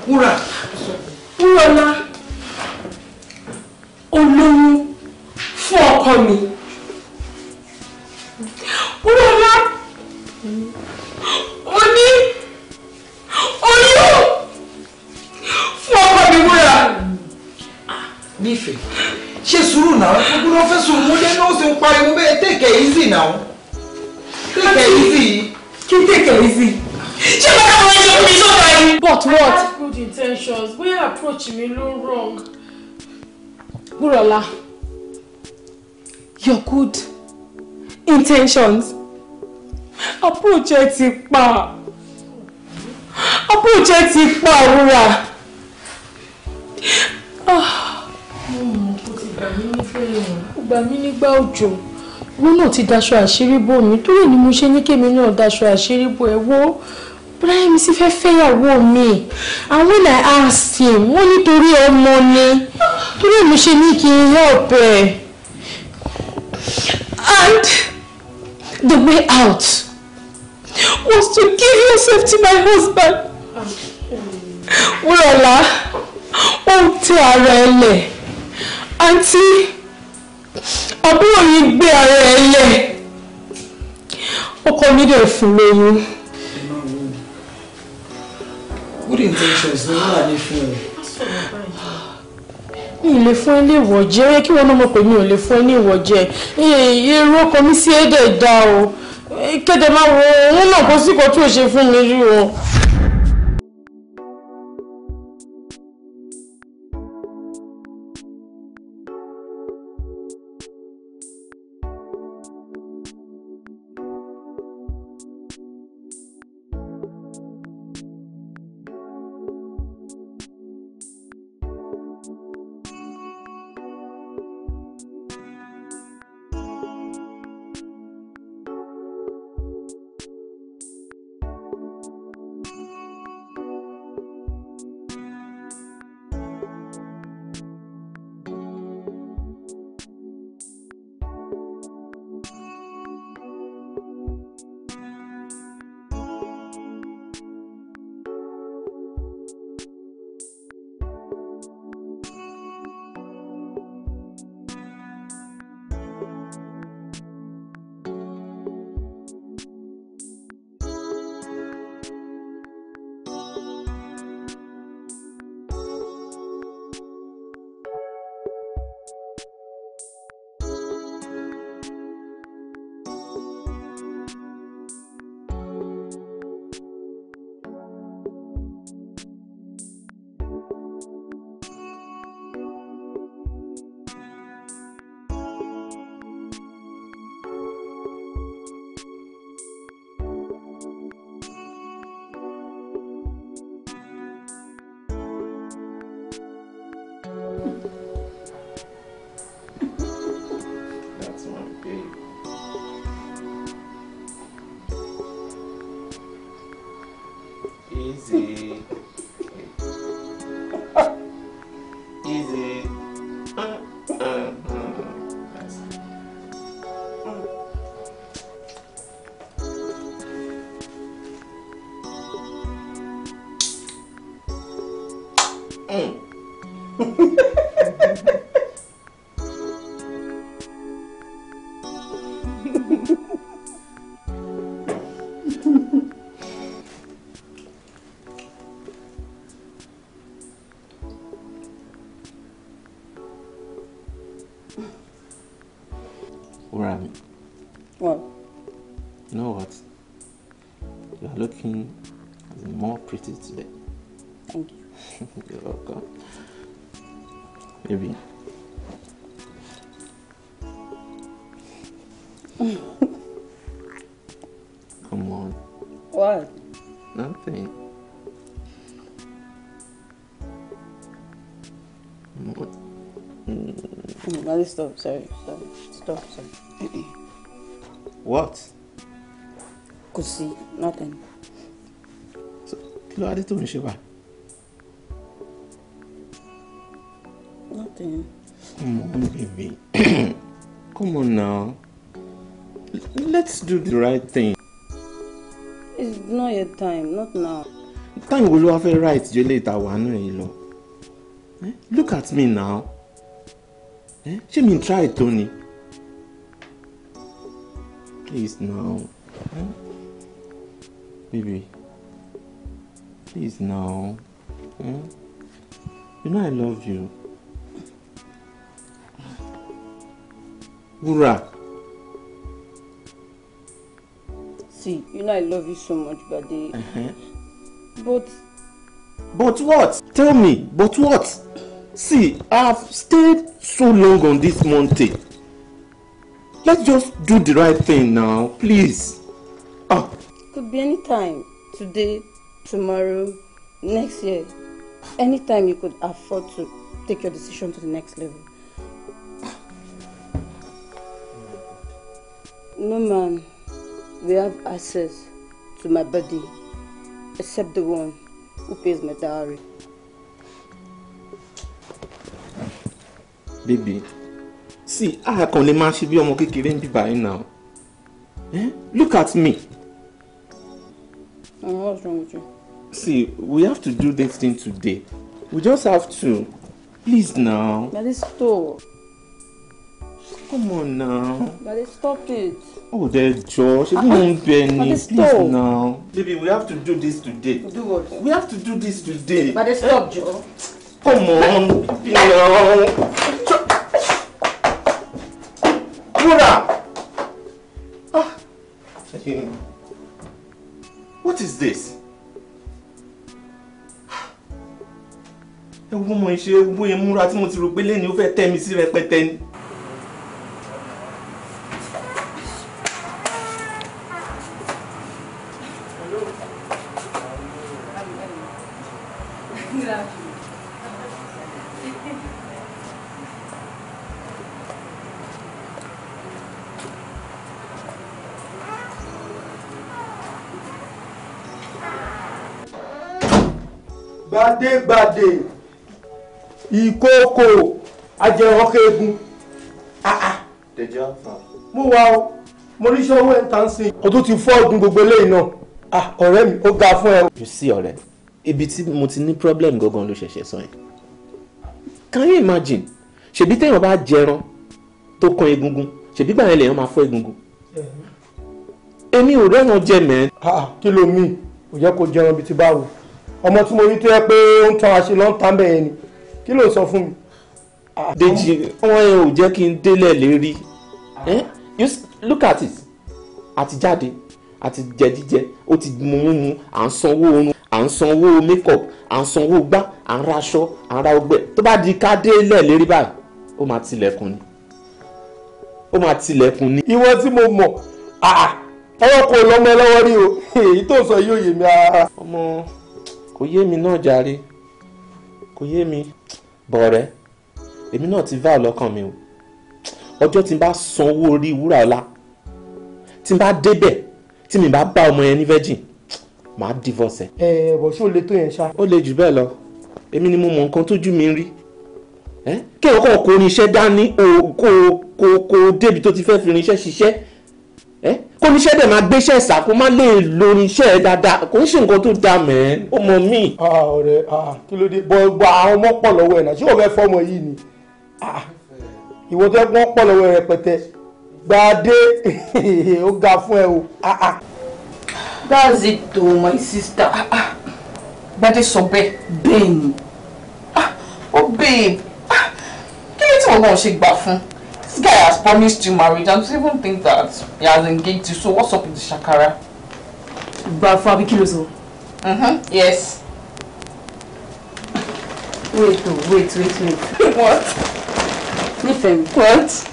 Wúrà. Búrọ̀lá. Olóyún fún ọkọ mi. Búrọ̀lá. Mo ní oyún fún ọkọ mi wúrà. Nífẹ̀ẹ́, ṣe sùúrù náà, gbogbo ló fẹ́ sùn mú lẹ́nu ó sì ń pariwo bẹ́ẹ̀ take easy náà. Take easy. Kí take easy what what. I had good intentions bóyá approach me ló wrong. Búrọ̀lá your good intentions approach ẹ ti pa approach ẹ ti pa òwúrà. Ah. ó gbà mí nígbà òjò wọn náà ti daṣọ àṣírí bò mí torí ni mo ṣe ní kémi náà daṣọ àṣírí bò ẹ wò Ibrahim sì fẹ́ fẹ́yàwó mi and when I asked him wọ́n nítorí ọmọ ni torí èmi ṣe ní kí n help ẹ. And the way out was to give yourself to my husband. Wúrọ̀lá ó tẹ ara ẹ lẹ̀ àǹtí àbúrò yìí gbé ara ẹ lẹ̀ ọkọ mi dẹ̀ fún lóyún good intentions ni wọ́n wà ní fún ẹ. mi ò lè fún ẹ ní ìwọ̀ jẹ́ kí wọ́n náà mọ̀ pé mi ò lè fún ẹ ní ìwọ̀ jẹ́ èrò ọkọ mi sí ẹ̀dẹ̀ dá o kẹ́dẹ̀ máa wo òun náà kó sí kó tó ṣe fún mi rí o. Mali, stop, sorry, stop, stop, sorry. What? Kò sí, nothing. So, ló wá dé tó ń Nothing. Come on, baby. Come on now. Let's do the right thing. It's not your time, not now. Time will ló wá right ju later. One, a wà eh, Look at me now. Eh? ṣé mi try tó ni please now eh? baby please now eh? you know I love you wúrà. see you know I love you so much Gbade uh -huh. but. but what tell me but what. See, I've stayed so long on this mountain. Let's just do the right thing now, please. Ah. Could be any time. Today, tomorrow, next year. anytime you could afford to take your decision to the next level. No man we have access to my body except the one who pays my diary. baby see a ah, kàn lè máa ṣe bí ọmọ kékeré ń bíbá yín now eh? look at me. Uh, what's wrong with you? see we have to do this thing today we just have to please now. na this store. Come on now. Daddy, stop it. Oh, there, Josh. You don't bear me. Please now. Baby, we have to do this today. Do what? We have to do this today. Daddy, stop, Joe. Come on. no. him. What is this? Ẹ wo mọ̀ ìṣe owó ìmúra tí mo ti rò pé lẹ́ni ó fẹ́ tẹ́ gbàdégbàdé ìkókò ajẹ̀hókèégún. Ah, ah. mo wà ó mo ní sọ́wọ́ ẹ̀ ń tàn sí i. o tún ti fọ́ ọdún gbogbo eléyìí náà ah, ọ̀rẹ́ mi ó ga fún ẹ. you see ọ̀rẹ́ ibi tí mo ti ní problem gangan ló ṣẹ̀ṣẹ̀ sọ yẹn can you imagine ṣèbí téèyàn bá jẹran tó kan egungun ṣèbí gbà yẹn lèèyàn máa fọ́ egungun èmi ò rẹ́ran jẹ mẹ́ẹ́. kí ló mi ò yẹ kó jẹran bíi ti báwo ọmọ tí mo rí tó yẹ pé ó ń tan àṣẹ ló ń tan bẹ́ẹ̀ ni kí ló sọ fún mi. Ah, Dèjì wọn yẹn ò jẹ́ kí n délẹ̀ lérí eh? look at it àti jáde àti jẹ jíjẹ ó ti mú mú mu à ń sanwó oorun à ń sanwó makeup à ń sanwó gbá à ń raṣọ à ń ra ọgbẹ tó bá di ká délẹ̀ lérí báyìí ó máa tilẹ̀kùn ni ó máa tilẹ̀kùn ni. ìwọ tí mo mọ̀ ẹ̀rọ kò lọ́mọ ẹ lọ́wọ́ rí o èyí tó sọ yóò yé mi rárá. ọmọ kò yé mi náà jàre kò yé mi bọ̀rẹ́ èmi náà ti vow lọ́kàn mi o ọjọ́ tí n bá san owó orí wúrà ọlá tí n bá débẹ̀ tí mi bá bá ọmọ yẹn ní virgin màá divorce ẹ. ẹ ẹ bọ̀ ṣé o lè tó yẹn ṣá. ó le jù bẹ́ẹ̀ lọ èmi ni mo mọ nǹkan tójú mi ń rí kí ọkọ kò ní iṣẹ́ dání kó débi tó ti fẹ́ fi irinṣẹ́ ṣiṣẹ́ kó níṣẹ́ dẹ̀ máa gbéṣẹ́ sà kó má lè lo iṣẹ́ ẹ dáadáa kò ń ṣe nǹkan tó da mẹ́ ó mọ mí. kí ló dé bọ́ gba àwọn ọmọ pọ̀ lọ́wọ́ ẹ̀ náà ṣé o fẹ́ fọmọ yìí ni ìwọ tó wọ́n pọ̀ lọ́wọ́ ẹ̀ rẹpẹtẹ gbàdé ó ga fún ẹ o. that's it o my sister gbàdé sọ bẹ́ẹ̀ bẹ́ẹ̀ ni ó babe, kí ló tí wọ́n náà ṣe gbà fún un. This guy has promised you marriage and to even think that he has engaged you. So what's up with the Shakara? But Bafa Bikiloso. Mm-hmm. Yes. Wait, no, oh, wait, wait, wait. what? Nifem.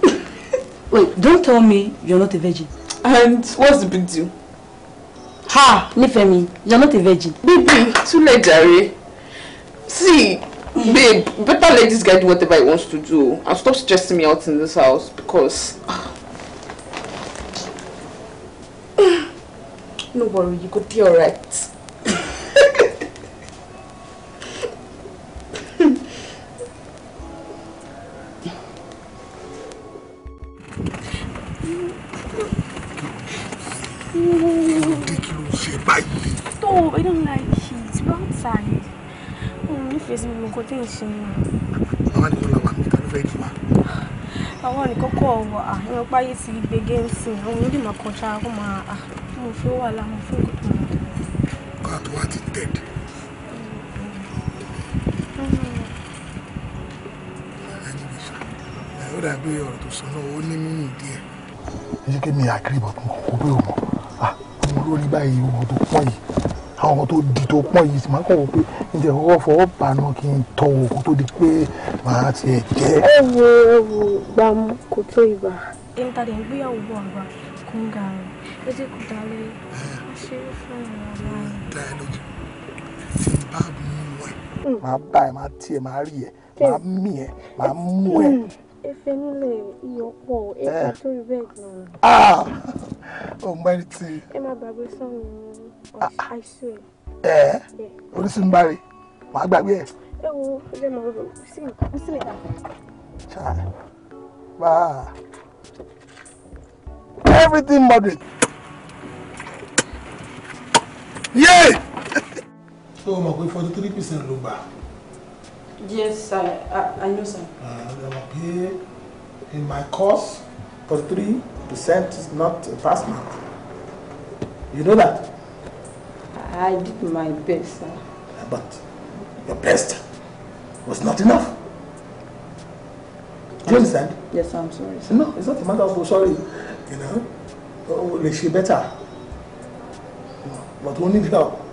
What? wait, don't tell me you're not a virgin. And what's the big deal? Ha! Nifemi, you're not a virgin. Baby, too late, Jerry. See, Babe, better let this guy do whatever he wants to do and stop stressing me out in this house because. no worry, you could be alright. Stop, I don't like shit. Wrong side fèsì gbogbo nǹkan tó ń ṣe mọ́. màmá nìkan làwọn àmì kan ló fẹ́ jù wá. àwọn nìkan kọ̀ wà á ní ọpá yìí ti gbé géǹsì àwọn onídìí máa kọjá kó máa à mo fi wà láwọn fún nǹkan tó ń bọ̀. wá ti tẹ̀ dé. ó dàbí ọ̀rọ̀ tó sọ náà ó ní mímú díẹ̀. ẹ jẹ́ kí mi àgírí bọ̀ tó kókó pé òun ọmọ olórí báyìí ọmọ tó pọ̀ yìí àwọn kan tó di tó pọ̀ yìí sì máa kọ̀ wọ́n pé n tẹ̀ kọ́kọ́ fọwọ́ bà náà kí n tọ òkú tó di pé màá tiẹ̀ jẹ́. ẹ wo ẹ wo gbàmù kò tó ibà. ẹni tàdé ń gbéyàwó bọ̀ àgbà kún gàrú etí kò dalẹ̀ àṣírí fún ìrànlọ́wọ́. dá ẹ lójú mm. bá ẹ. màá bá ẹ rí ẹ màá mí ẹ màá mú ẹ. Mm efe nílẹ̀ iyọ̀pọ̀ ẹ̀ka eh. tó rí bẹ́ẹ̀ gan-an. Ah! ọ̀gbẹ́ni tí. ẹ má gbàgbé sọ́ọ̀nù àìsùn ẹ̀. ẹ oríṣiríṣi wàá gbàgbé ẹ. ẹ wo ẹ mọ ọ sí mi ká. báà everything moderate. yéé. ṣé o mọ̀ pé forty three percent ló gbà. Yes, sir. I, I know, sir. Uh, in my course, for 43% is not a pass mark. You know that? I did my best, sir. But your best was not enough. Do you understand? Yes, I'm sorry. Sir. No, it's not a matter of oh, sorry. You know, oh, they should better. But only need help.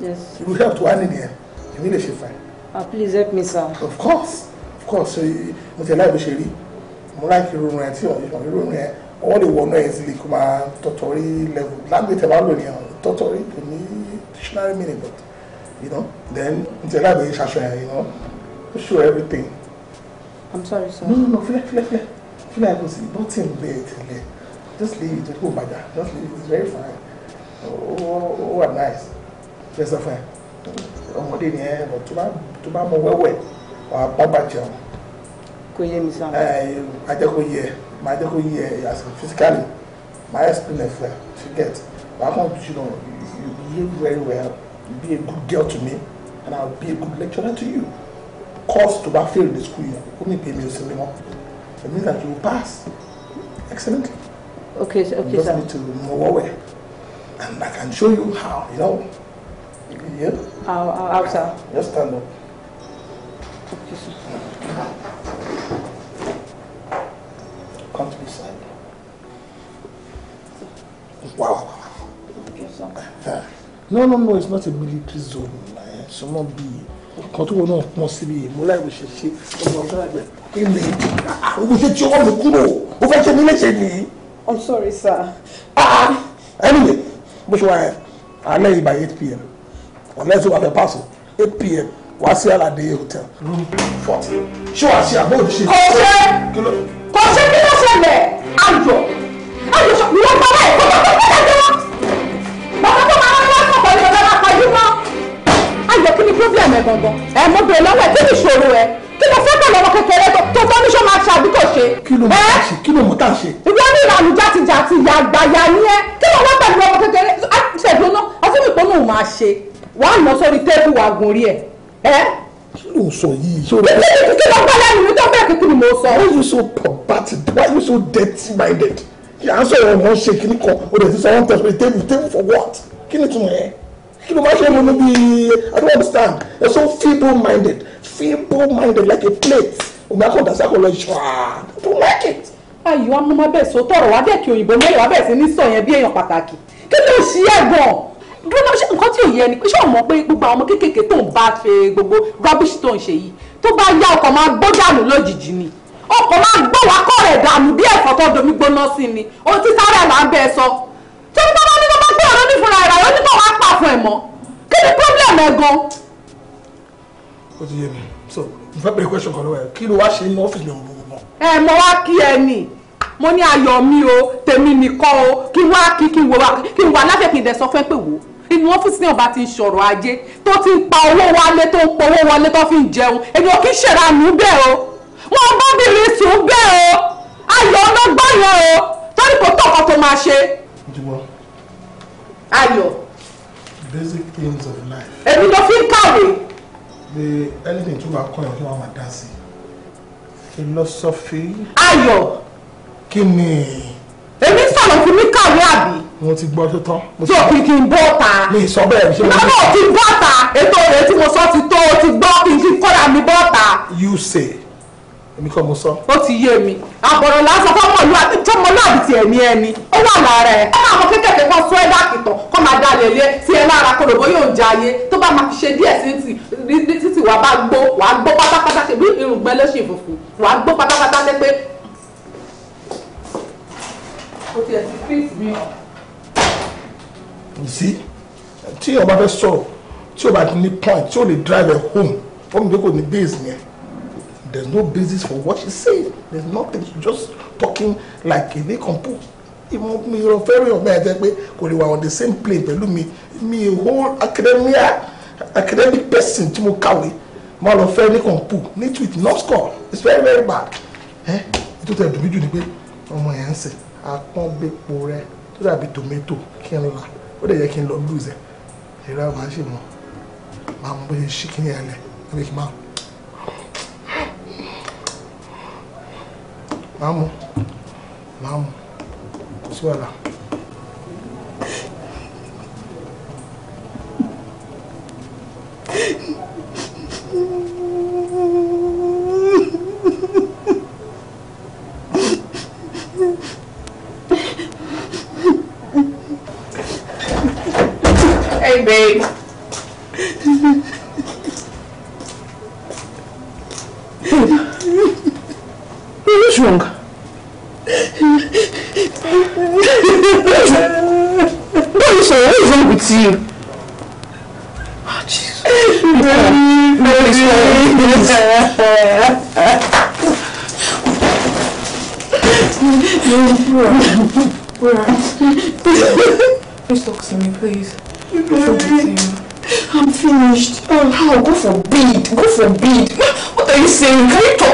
Yes. You have to hand in here. You will be fine. Ah, please help me, sir. Of course. Of course. So, mo tẹ̀lé àbẹ̀ṣẹ̀rí. Mo láìkí irun rẹ̀ tí ọ̀yọ́ irun rẹ̀ wọ́n lè wọnú ẹ̀ sí lè kó máa tọ̀tọ̀rí level. Language tẹ̀ bá lò ní àwọn dictionary meaning but you know then mo tẹ̀lé àbẹ̀ṣẹ̀ ṣaṣọ you know show everything. I'm sorry, sir. No, no, no, Feel, filẹ̀ feel. filẹ̀ kò sí bọ́tì ń bẹ̀ tẹ̀lẹ̀ just leave it kó bàjá just leave it it's very fine. Oh, oh, oh, oh nice ṣe sọ fún ẹ ọmọdé ni ẹ bọ tó bá mọ wẹ́wẹ́ wàá bábà jẹun. kò yé mi sàn. ẹ máa jẹ́ kó yẹ máa jẹ́ kó yẹ as in physically My explain ẹ fún ẹ she get wàá mọ̀ you know you behave very well you be a good girl to me and I will be a good lecturer to you course tó bá fail the school yẹn ó ní pé mi ò sí mi it means that you will pass excellently. okay okay sir you just need to mọ wọ́wẹ́ and I can show you how you know. Yeah. Out, out, sir. Just stand up. Come to this side. Wow. No, no, no, it's not a military zone. Someone be. Kan tó wọn náà pọ́n síbi yìí, mo láì wò ṣe ṣe ọmọ ọ̀gá àgbẹ̀. Kí ni? Ògùn ṣe tí ọwọ́ mi kúrò, ó fẹ́ ṣe mí léṣe nìyí. I'm sorry, sir. Ah! Anyway, bó ṣe wá ẹ̀, alẹ́ yìí by eight pm unless you have a parcel APM. pm wá sí alade hotel room fourteen ṣé wàá ṣe àbọ̀ òdìṣe. kò ṣe kò ṣe kí ló ṣẹlẹ̀ ayọ̀ ayọ̀ sọ ìwọ bàbá ẹ̀ kọ́kọ́ tó bẹ̀rẹ̀ jọ bàbá tó máa ń wá kọ̀ọ̀kan ní ọ̀dọ́ máa pàjù mọ́ ayọ̀ kí ni problem ẹ̀ gangan ẹ̀ mo bèrè lọ́wọ́ ẹ̀ kí ni ìṣòro ẹ̀ kí ló fẹ́ pẹ̀lú ọmọ kékeré tó tó ní sọ máa ṣe àbí kò ṣe. kí ló mọ̀ tá ṣe kí ló mọ̀ tá ṣe. ìwọ ní ìlànà jàtijàti ìyá àgbà ya ni ẹ kí ló wá pẹ̀lú ọmọ kékeré ṣèdúró náà àti mi ìpónú máa ṣe wàá nà sórí tébù wàá gùn rí ẹ̀ ẹ́. kí ló sọ yìí. sórí ẹ kí ló gbọ́ lẹ́nu mi tó bẹ́ẹ̀ kí mo sọ. why you so perverted why you so dirty minded yà á sọ̀rọ̀ ọ̀hún ṣe kí ni kọ o dẹ̀ ti sọ one time table table for what kí ni tún yẹn kí ló máa ṣe mo níbi I don't understand you're so feeble minded feeble minded like a plate òun akọ̀dà sákòlọ̀ ṣọ́à I don't like it ayò amúmọ́ bẹ́ẹ̀ sọ tọrọ wá bẹ́ẹ̀ kí òyìnbó mẹ́rin wá bẹ́ẹ̀ sí ní sọ yẹn bí èèyàn pàtàkì kí ló ṣí ẹ̀gbọ́n dúró náà nǹkan tí ò yẹ pé ṣé o mọ̀ pé gbogbo àwọn ọmọ kéékèèké tó ń bá ṣe gbogbo rubbish tó ń ṣe yìí tó bá yá ọkọ̀ máa gbọ́ dànù lójijì ni ọkọ̀ máa gbọ́ wá kọ́ rẹ̀ dànù bí ẹ̀fọ́ tó domi gbóná sí ni ohun tí sáré là ń bẹ sọ tí wọ́n bá ní wọ́n bá gbé ọ̀rọ̀ ní fúnra ẹ̀rọ yóò ní kọ́ wá pa fún ẹ̀ mọ́ kí ni problem ẹ̀ gan. ó ti yé mi so mo fẹ́ bẹ̀rẹ̀ question kan lọ́wọ́ ẹ̀ kí ló wá ṣe inú ọ́fíìsì mi òun gbogbo. ẹ mo wá kí ẹ nì mo ní ayọ̀ mi o tèmi nìkan o kí wá kí kí n wà láfẹ̀kìndẹ̀ sọ fẹ́ pé wò inú ọ́fíìsì náà bá ti ń sọ̀rọ̀ ajé tó ti ń pa owó wálé tó ń pọwó wọlé tó fi ń jẹun èmi ò kí ń ṣèrànú bẹ́ẹ̀ o wọn bábìrin sùn bẹ́ẹ̀ o ayọ̀ ọlọ́gbọ́yọ̀ o torí kò tọkọ tó máa ṣe. ayọ̀. basic things of life. èmi ló fi ń kàwé. The anything tó bá kọ́ ẹ̀ kí wọ́n máa dá sí philosophy. ayọ̀. kí ni. èmi sọ̀rọ̀ fún mi kàwé àbí mo ti gbọ́ tó tán. so kì kì í bọ́ ta. mi sọ bẹ́ẹ̀ ṣe mo ní. lọ́nà ti bọ́ ta ètò rẹ̀ tí mo sọ ti tó o ti gbọ́ kì í kí kọ́ra mi bọ́ ta. you say èmi kọ́ mo sọ. ó ti yé mi àbọ̀rọ̀ lásán fọ́mọ̀lú àti fọ́mọ̀lú àbìtì ẹ̀mí ẹni ó wà lára ẹ̀. ó máa mọ kékèké kan sọ ẹ́ dákìtàn kó máa dalẹ̀ lé sí ẹ lára kòròbó yóò jẹ ayé tó bá máa fi ṣe díẹ̀ sí ti wà bá gbó wàá gbó pátápátá ṣe bí irùngbẹ́ ló ṣe fùfù wàá gbó pátápátá ṣe pé. ó ti ẹ̀ ti fíìsì mi hàn sí tí ọba fẹ́ sọ̀rọ̀ tí ọba ti ní point tí ó lè drive her home ó mú pé kò ní base yẹn there is no basis for what she say there is nothing she just talking like a decomposed ìmọ̀ mi rọ fẹ́rẹ̀ ọ̀mẹ́ ẹ̀ jẹ́ pé kò lè wà on the same plane pẹ̀lú mi mi whole academia academic person tí mo kàwé mo lọ fẹ́ ní kọ̀ǹpù ní tweet no score it's very very bad ẹ́ ètò tẹ̀ dùn jù ni pé ọmọ yẹn ń sè àpọ́nbẹ́pọ̀ rẹ tó dàbí tomato kí n la ó dẹ̀ yẹ kí n lọ lose ẹ̀ ìrẹ́ ọ̀ máa ṣe mọ́ máa mú bóyá ṣí kí ní ẹlẹ̀ níbi kí máa máa mú máa mú sí wàhálà.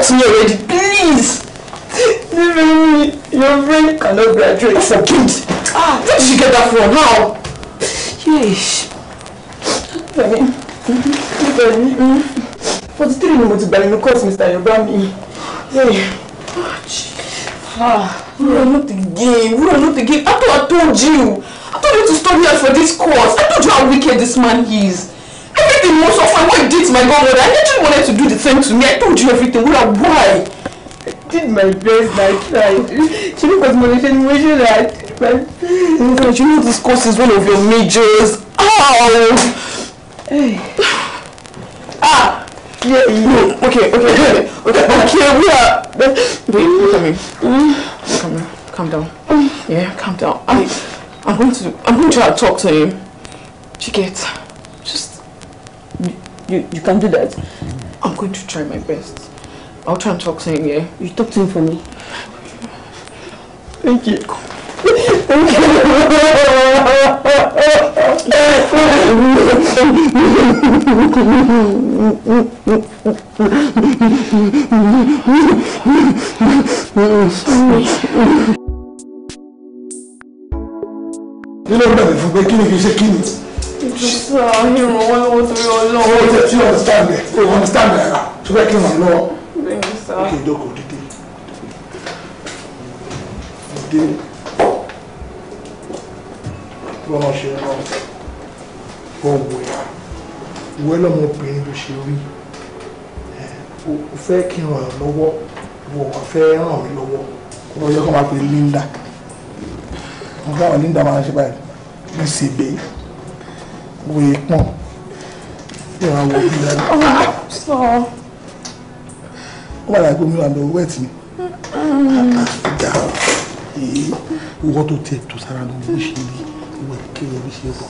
hurt me already. Please. Your brain cannot graduate for kids. Ah, where did you get that from? How? Yes. I mean, mm-hmm. Mm-hmm. 43 ni course Mr. Yobami. Hey. Oh, ah, We are not the game. We are not the game. I thought I told you. I told you to stop here for this course. I told you how wicked this man is baby mo sọ what you did to my godmother I literally wanted to do the same to me I told you everything wúrà why. I did my best I tried She was pẹ̀lú mo lè But you know this course is one of your majors. Oh. Hey. ah. ah. Yeah, yeah. Okay, okay, okay, okay, okay. We are. Babe, look at me. Come down. Calm down. Yeah, calm down. I, I'm going to. I'm going to talk to him. She gets. You, you can do that. I'm going to try my best. I'll try and talk to him, yeah? You talk to him for me. Thank you. nínú ọgbà mi fún pé kí ni kì í ṣe kí Ìjọsọ ìrànwọ́ lọ́wọ́ torí ọlọ́wọ́. Ó ti understand ẹ̀, ó understand ẹ̀ rà, ah, tó fẹ́ kí ràn lọ́wọ́. Kì í dókòó dídé. Dídé. Bọ́lá ṣe rọ ọ̀wọ̀ ẹ̀. Ìwé lọ́mọbìnrin ló ṣe rí. Ó fẹ́ kí ràn lọ́wọ́, wọ̀ wá fẹ́ ràn mí lọ́wọ́. Ó yẹ kó máa pe Linda. Mo fẹ́ àwọn Linda máa ń ṣe báyìí. Mo sì wo ìpọ́n ìwà wo ìlà rẹ̀. sọ. ó wà láì gómìnà àlọ́ wẹ́ẹ̀tì ni. ìjà owó tó tẹ tó sára ló ń ṣe rí ìwé kéwàá bí ṣe bọ̀.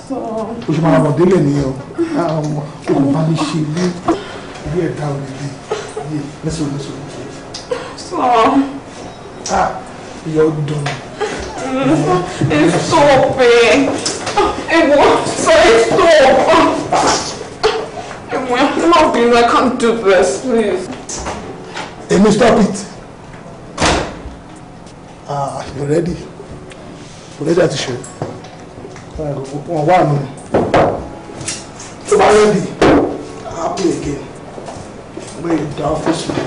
o ṣe máa bọ̀ délé nìyẹn o kò bá mi ṣe ilé ilé ẹ̀dá òní ni ilé lẹ́sọ̀ lẹ́sọ̀ lẹ́sọ̀. sọ. Ah, ìyá ó dùn. stop it. Ẹ̀wọ̀n, sorry, stop. Ẹ̀wọ̀n, I'm not being, I can't do this, please. Èmi, stop it. Ah, you're ready. You're ready to show. Wọ́n wà one. So I'm ready. I'll play again. Wait, down for some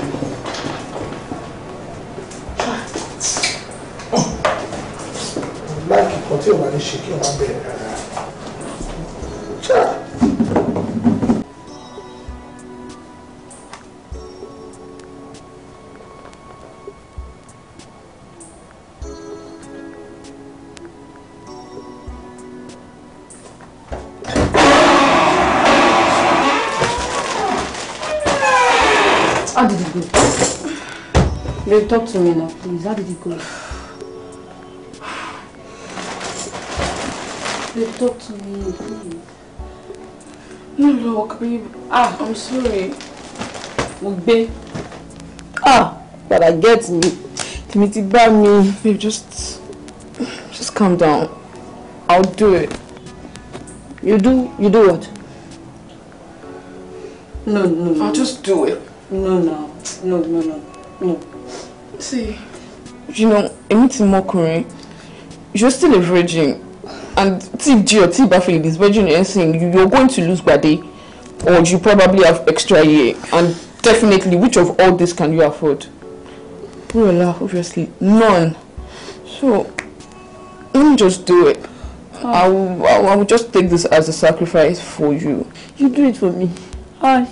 nǹkan tí o máa ń ṣe kí o máa bẹ̀rẹ̀ rárá. How did it go? Babe, talk to me now, please. How did it go? They talk to me, please. No, look, babe. Ah, I'm sorry. Ugbe. Ah, but I get me. Timothy bá me. Babe, just... Just calm down. I'll do it. You do... You do what? No, no, no. I'll just do it. No, no. No, no, no. No. See, you know, èmi ti mọ You're still a virgin and tí G or tí bá fi lè disbẹ́jú you you're going to lose Gbade or you probably have extra year and definitely which of all this can you afford? Purola obviously none so let me just do it. I, will, I, will, I will just take this as a sacrifice for you. You do it for me. Ah, oh,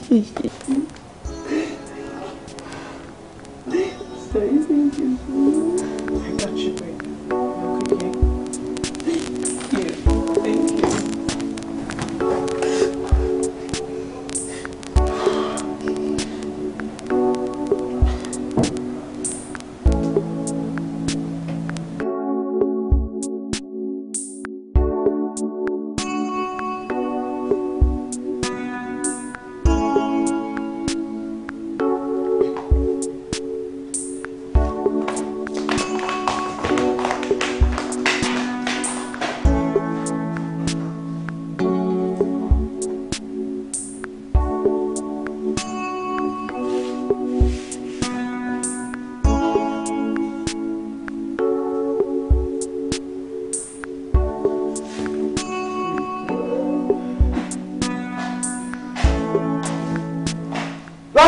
she,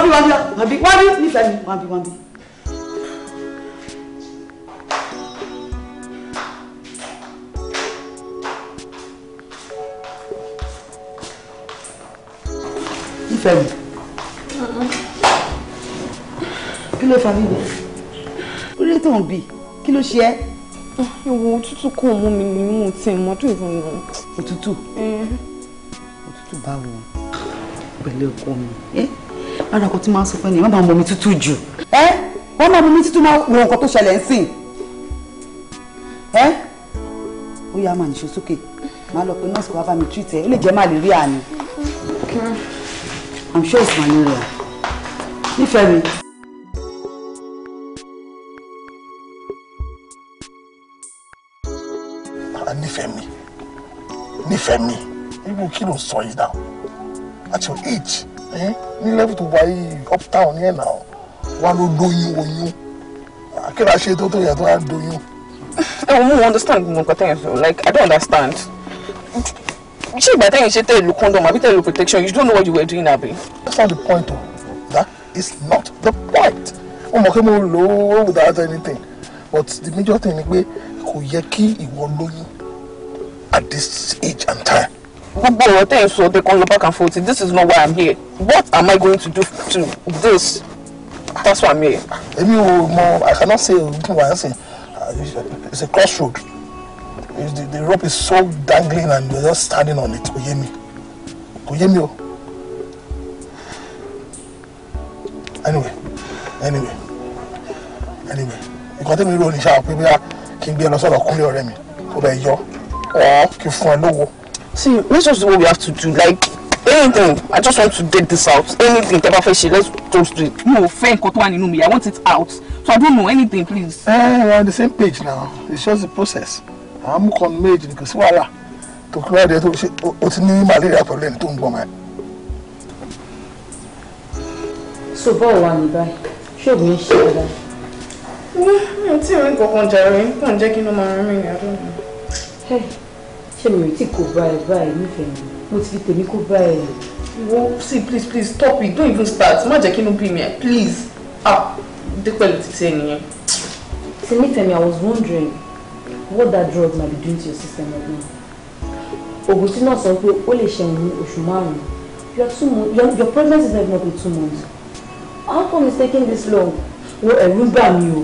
bí wá bí wá bí wá bí nífẹ̀ẹ́ mi wá bí wá bí. nífẹ̀ẹ́ mi. kí ló fa bíbẹ̀? orí tó ń bì kí ló ṣe ẹ́? ìwọ òtútù kò mú eh. báwo pẹ̀lú ọkọ mi. Eh? lára ọkọ tí máa ń sọ fún ẹni má bàa mọ omi tútù jù ẹ wọn máa mọ omi tútù máa wo nǹkan tó ṣẹlẹ̀ ń sìn ẹ ó yá máa nìṣó sókè máa lọ pé nọ́ọ̀sì wàá bá mi treat ẹ ó lè jẹ́ malaria ni i'm sure it's malaria nífẹ̀ẹ́ mi. nífẹ̀ẹ́ mi nífẹ̀ẹ́ mi irú kí ló sọ yìí náà at your age Eh? ní lẹ́bù tó wáyé uptown yẹn náà wà ló dóyún oyún akẹ́rọ àṣẹ tó tó yẹ tó wà dóyún. ẹ eh, ò mú wọn understand gbogbo nǹkan tẹ́yìn sọ like i don't understand ṣé ìgbà tẹ́yìn ṣe tẹ́lẹ̀ lu condom àbí tẹ́lẹ̀ lu protection you don't know what you were doing abi. that's not the point o that is not the point o mọ̀ pé mo lò ó without anything but the major thing ni pé kò yẹ kí ìwọ lóyún at this age and time gbogbo ọ̀rọ̀ tẹ́ ẹ̀ sọ they can go back and forth this is not why i'm here what am i going to do to this that's why i'm here. èmi ò mọ i cannot say ogun wa sin it's a crossroad it's the the rope is so dangling and you're just standing on it kò yé mi kò yé mi o anyway anyway anyway nǹkan tẹ́mi rò ní sáà pé bóyá kí n gbé ẹ lọ sọ̀rọ̀ kúnlé ọ̀rẹ́ mi kó bẹ̀ yọ ọ́ kí n fún ẹ lówó see let's just do what we have to do like anything i just want to get this out anything tẹ́ let's just do it. mi ò fẹ́ nǹkan tó wà i want it out so i don't know anything please. Eh, ẹ we on the same page now it's just the process I'm amúkan because ni To sí wàhálà tó kúrò àdé tó ṣe o ti ní malaria pẹ̀lú ẹni tó ń gbọ́n mọ́ ẹ. so bọ́ọ̀ wà ní báyìí ṣóògùn ń ṣe é dáa. Mm, mi ò to ì rí nǹkan kan jàre nǹkan jẹ́ kí ló máa rán mi ìrìn àdó ṣé mi ò tí kò bá ẹ báyìí mi mo ti fi tèmi kó bá ẹ wo see please please stop it don't even start má jẹ́ kí inú bí mi please ah dé pẹ̀lú títí ẹ nìyẹn. tèmi tèmi I was wondering what that drug might be doing to your system right now. oògùn tí náà sọ pé ó lè ṣẹ̀wọ̀n ní oṣù márùn your two pregnancy is not even two months how come it's taking this long? wo ẹ̀rù bà mí o.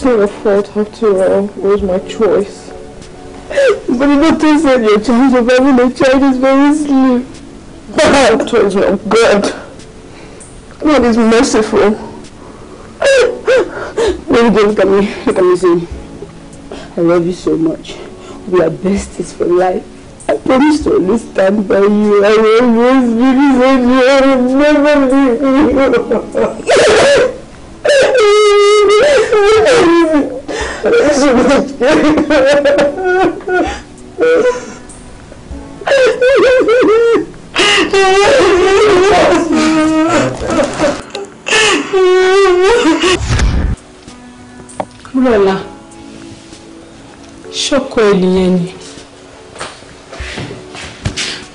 It's not your fault after all. It was my choice. But the not said your chance of having a child is very slim. The doctor is not good. God is merciful. Baby girl, look at me. Look at me, see. I love you so much. We are besties for life. I promise to always stand by you. I will always be beside you. I will never leave you. Lọ́la, ṣọ́kọ ènìyàn ni.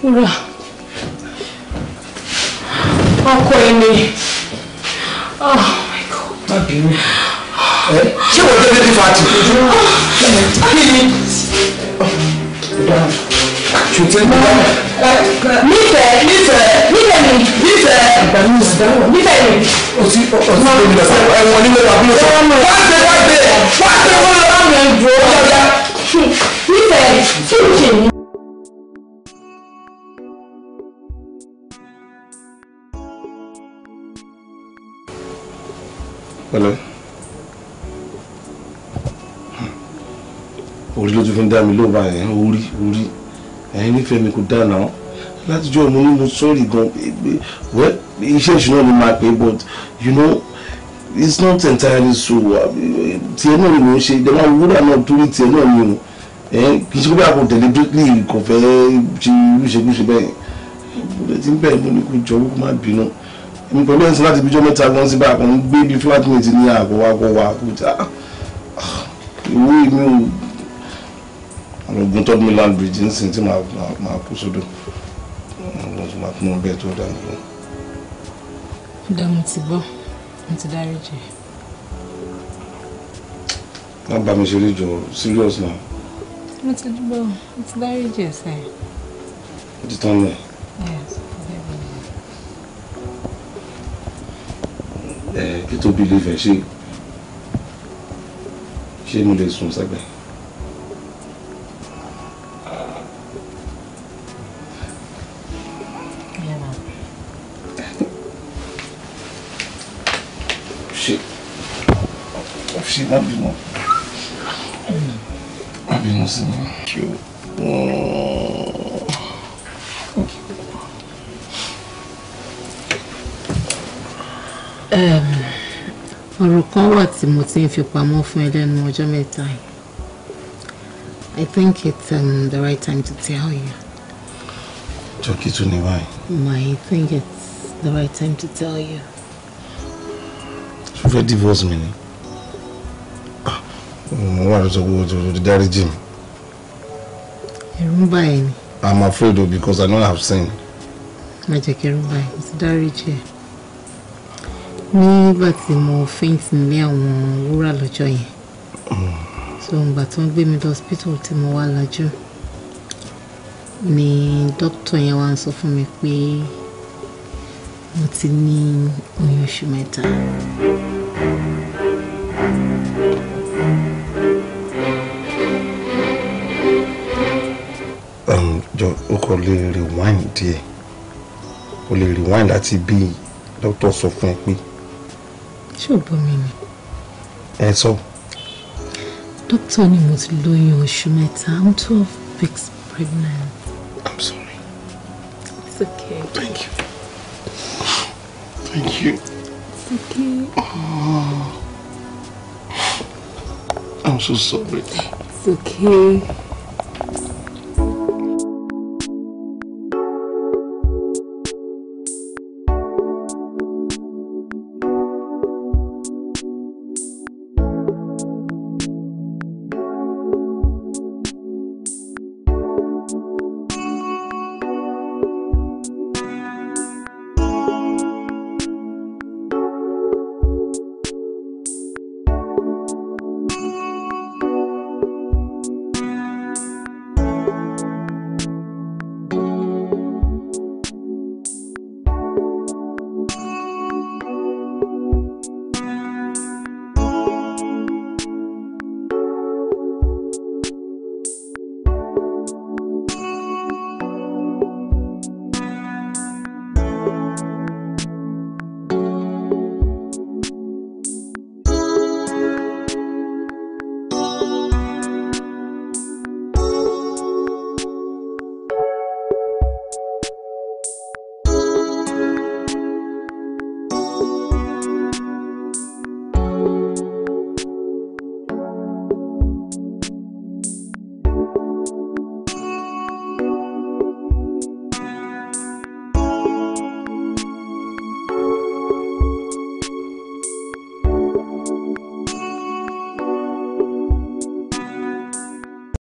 Wúrà, ọkọ ẹni. Oh my God. Má bínú ṣé wọ́n jẹ́ lady fati. kí ni ṣùtẹ́ mi dáhùn. nífẹ̀ẹ́ nífẹ̀ẹ́ nífẹ̀ẹ́ mi nífẹ̀ẹ́. ìgbà mi ò dáhùn. nífẹ̀ẹ́ mi. o ti o ti lórí ìdàgbà ẹ̀wọ̀n nílé tàbí ọ̀sán. wọ́n gbé wọ́n gbé wọ́n gbé wọ́n lọ́wọ́ dùn ó yọjá. nífẹ̀ẹ́ tí Hello. orí ló fi ń dá mi lóba yẹn orí orí ẹ̀yin nífẹ̀ẹ́ mi kò dáná látijọ́ mo ní mo sọ́ọ̀rì gan e, e, iṣẹ́ ìṣúná mi máa pè but you know it's not entirely so uh, tiẹ̀ náà ni mo ṣe ìdẹ́gbà wúrà náà torí tiẹ̀ náà ni o kì í ṣe pé bá a kò deliberately kò fẹ́ ṣe irúṣekúṣe bẹ́ẹ̀ bóde tí ń bẹ̀rẹ̀ mo ní kò jọ kó má bínú mi pẹ̀lú ẹ̀sìn láti bíjọ́ mẹ́ta gan sí báyà gbé bí flatmate ní àgọ́wàgọ́wà kò já ah, ìwé mi ò ogun third mainland bridge ń sìn tí màá kú sódò ọgbọ́n tó máa fún un bẹ́ẹ̀ tó dà mí lọ. dá mo ti gbọ́ mo ti dárí jẹ. má bá mi ṣeré jọ serious now. mo ti gbọ́ mo ti dárí jẹ sẹ́. ó ti tán lẹ̀. ẹ kí tó lè fẹ́ ṣe ṣé mo lè sùn sẹ́gbẹ̀ẹ́. má bínú má bínú sí mi kí o. ọ̀rọ̀ kan wà tí mo ti ń fi pamọ́ fún ẹ lẹ́nu ọjọ́ mẹ́ta yìí I think it's um, the right time to tell you. Jọ́kí tún ní báyìí. Mm, I think it's the right time to tell you. Ṣé o fẹ́ divorce mi ni? wà lóṣọ pé o dárí jì ẹ̀rù ń bà ẹ́ ni. i'm afraid o because i know i have seen. má jẹ́ kí ẹ̀rù bà ẹ́ mo ti dárí jì ẹ́. nígbà tí mo faint nílé àwọn wúrà lọ́jọ́ yẹn so ìgbà tó ń gbé mi lọ hospital tí mo wá lajú ni dókítà yẹn wá ń sọ fún mi pé mo ti ní oyún oṣù mẹ́ta. Mm. kò lè rewind díẹ̀ o lè rewind láti bí dókítà sọ fún ẹ pé. ṣé ò bọ́ mi ni. ẹ sọ. dókítà ni mo ti lóyún oṣù mẹ́ta i'm twelve weeks pregnant. i'm sorry. it's okay. thank you. thank you. it's okay. Oh, I'm so sorry. It's okay.